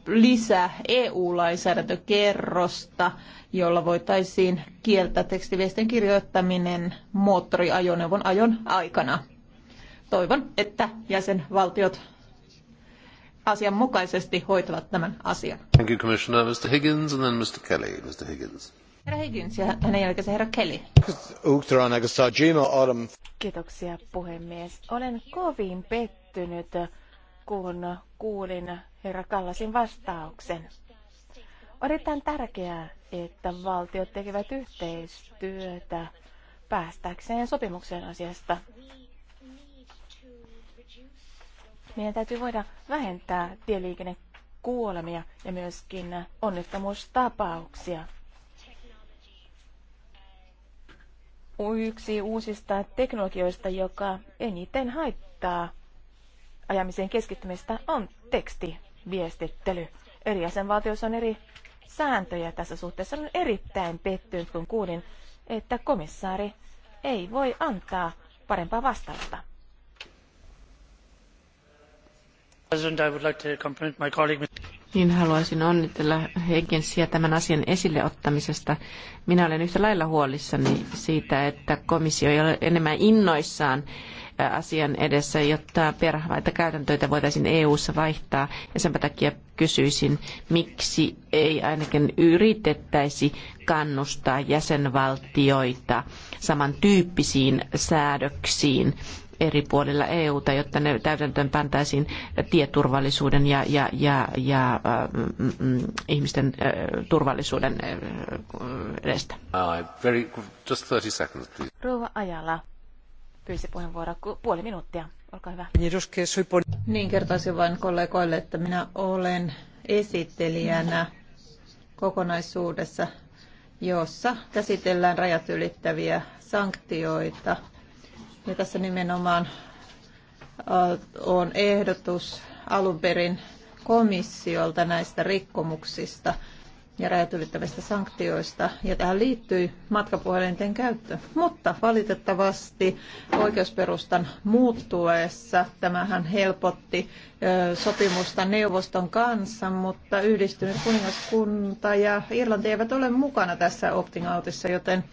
lisää EU-lainsäädäntökerrosta, jolla voitaisiin kieltää tekstiviestin kirjoittaminen moottoriajoneuvon ajon aikana. Toivon, että jäsenvaltiot asianmukaisesti hoitavat tämän asian. Thank you, Commissioner. Mr. Higgins and then Mr. Kelly. Mr. Higgins. Herra Higgins ja hänen jälkeensä herra Kelly. Kiitoksia puhemies. Olen kovin pettynyt, kun kuulin herra Kallasin vastauksen. On erittäin tärkeää, että valtiot tekevät yhteistyötä päästäkseen sopimukseen asiasta. Meidän täytyy voida vähentää tieliikennekuolemia ja myöskin onnettomuustapauksia. yksi uusista teknologioista, joka eniten haittaa ajamiseen keskittymistä, on tekstiviestittely. Eri jäsenvaltioissa on eri sääntöjä tässä suhteessa. Olen erittäin pettynyt, kun kuulin, että komissaari ei voi antaa parempaa vastausta. Niin haluaisin onnitella Heikensiä tämän asian esille ottamisesta. Minä olen yhtä lailla huolissani siitä, että komissio ei ole enemmän innoissaan asian edessä, jotta perhavaita käytäntöitä voitaisiin EU-ssa vaihtaa. Ja sen takia kysyisin, miksi ei ainakin yritettäisi kannustaa jäsenvaltioita samantyyppisiin säädöksiin eri puolilla EUta, jotta ne täytäntöön pantaisiin tieturvallisuuden ja, ja, ja, ja äh, mm, mm, mm, ihmisten ä, äh, turvallisuuden äh, edestä. Uh, very, just 30 seconds, please. Rouva Ajala pyysi puheenvuoroa puoli minuuttia. Olkaa hyvä. Niin, niin kertoisin vain kollegoille, että minä olen esittelijänä kokonaisuudessa, jossa käsitellään rajat ylittäviä sanktioita – ja tässä nimenomaan äh, on ehdotus alun perin komissiolta näistä rikkomuksista ja rajat ylittävistä sanktioista, ja tähän liittyi matkapuhelinten käyttö. Mutta valitettavasti oikeusperustan muuttuessa tämähän helpotti sopimusta neuvoston kanssa, mutta yhdistynyt kuningaskunta ja Irlanti eivät ole mukana tässä opting-outissa, joten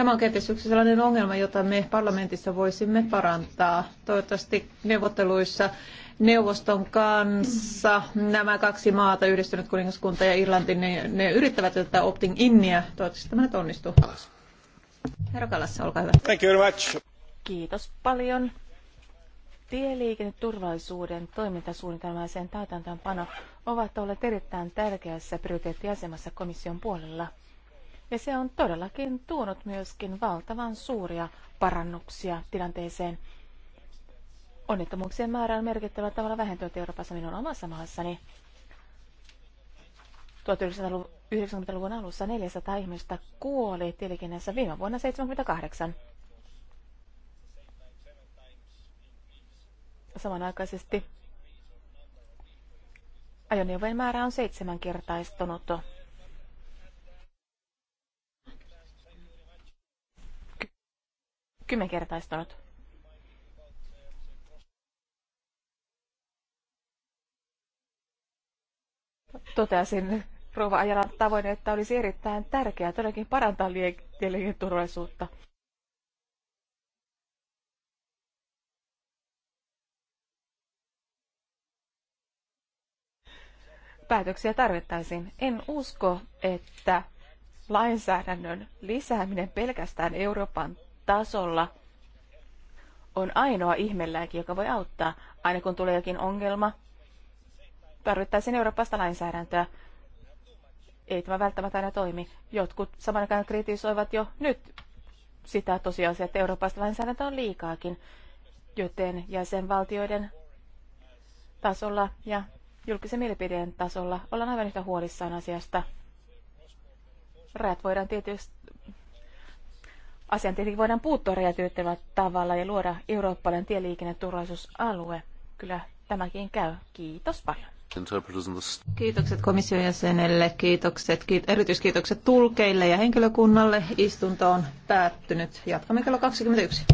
Tämä on kenties yksi sellainen ongelma, jota me parlamentissa voisimme parantaa. Toivottavasti neuvotteluissa neuvoston kanssa nämä kaksi maata, yhdistynyt kuningaskunta ja Irlanti, ne, ne yrittävät tätä opting innia. Toivottavasti tämä nyt onnistuu. Herra Kalassa, olkaa hyvä. Thank you very much. Kiitos paljon. Tieliikenneturvallisuuden toimintasuunnitelma ja sen täytäntöönpano ovat olleet erittäin tärkeässä prioriteettiasemassa komission puolella. Ja se on todellakin tuonut myöskin valtavan suuria parannuksia tilanteeseen. Onnettomuuksien määrä on merkittävällä tavalla vähentynyt Euroopassa minun omassa maassani. 1990-luvun alussa 400 ihmistä kuoli tilikinnässä viime vuonna 78. Samanaikaisesti ajoneuvojen määrä on seitsemänkertaistunut. kymmenkertaistunut. Toteasin rouva ajalla tavoin, että olisi erittäin tärkeää todellakin parantaa liikenteen turvallisuutta. Päätöksiä tarvittaisiin. En usko, että lainsäädännön lisääminen pelkästään Euroopan tasolla on ainoa ihmelääki, joka voi auttaa. Aina kun tulee jokin ongelma, tarvittaisiin Euroopasta lainsäädäntöä. Ei tämä välttämättä aina toimi. Jotkut saman aikaan kritisoivat jo nyt sitä tosiasiaa, että Euroopasta lainsäädäntö on liikaakin, joten jäsenvaltioiden tasolla ja julkisen mielipideen tasolla ollaan aivan yhtä huolissaan asiasta. Rajat voidaan tietysti Asian tietenkin voidaan puuttua räjätyyttävällä tavalla ja luoda eurooppalainen tieliikenneturvallisuusalue. Kyllä tämäkin käy. Kiitos paljon. Kiitokset komission jäsenelle, kiitokset, erityiskiitokset tulkeille ja henkilökunnalle. Istunto on päättynyt. Jatkamme kello 21.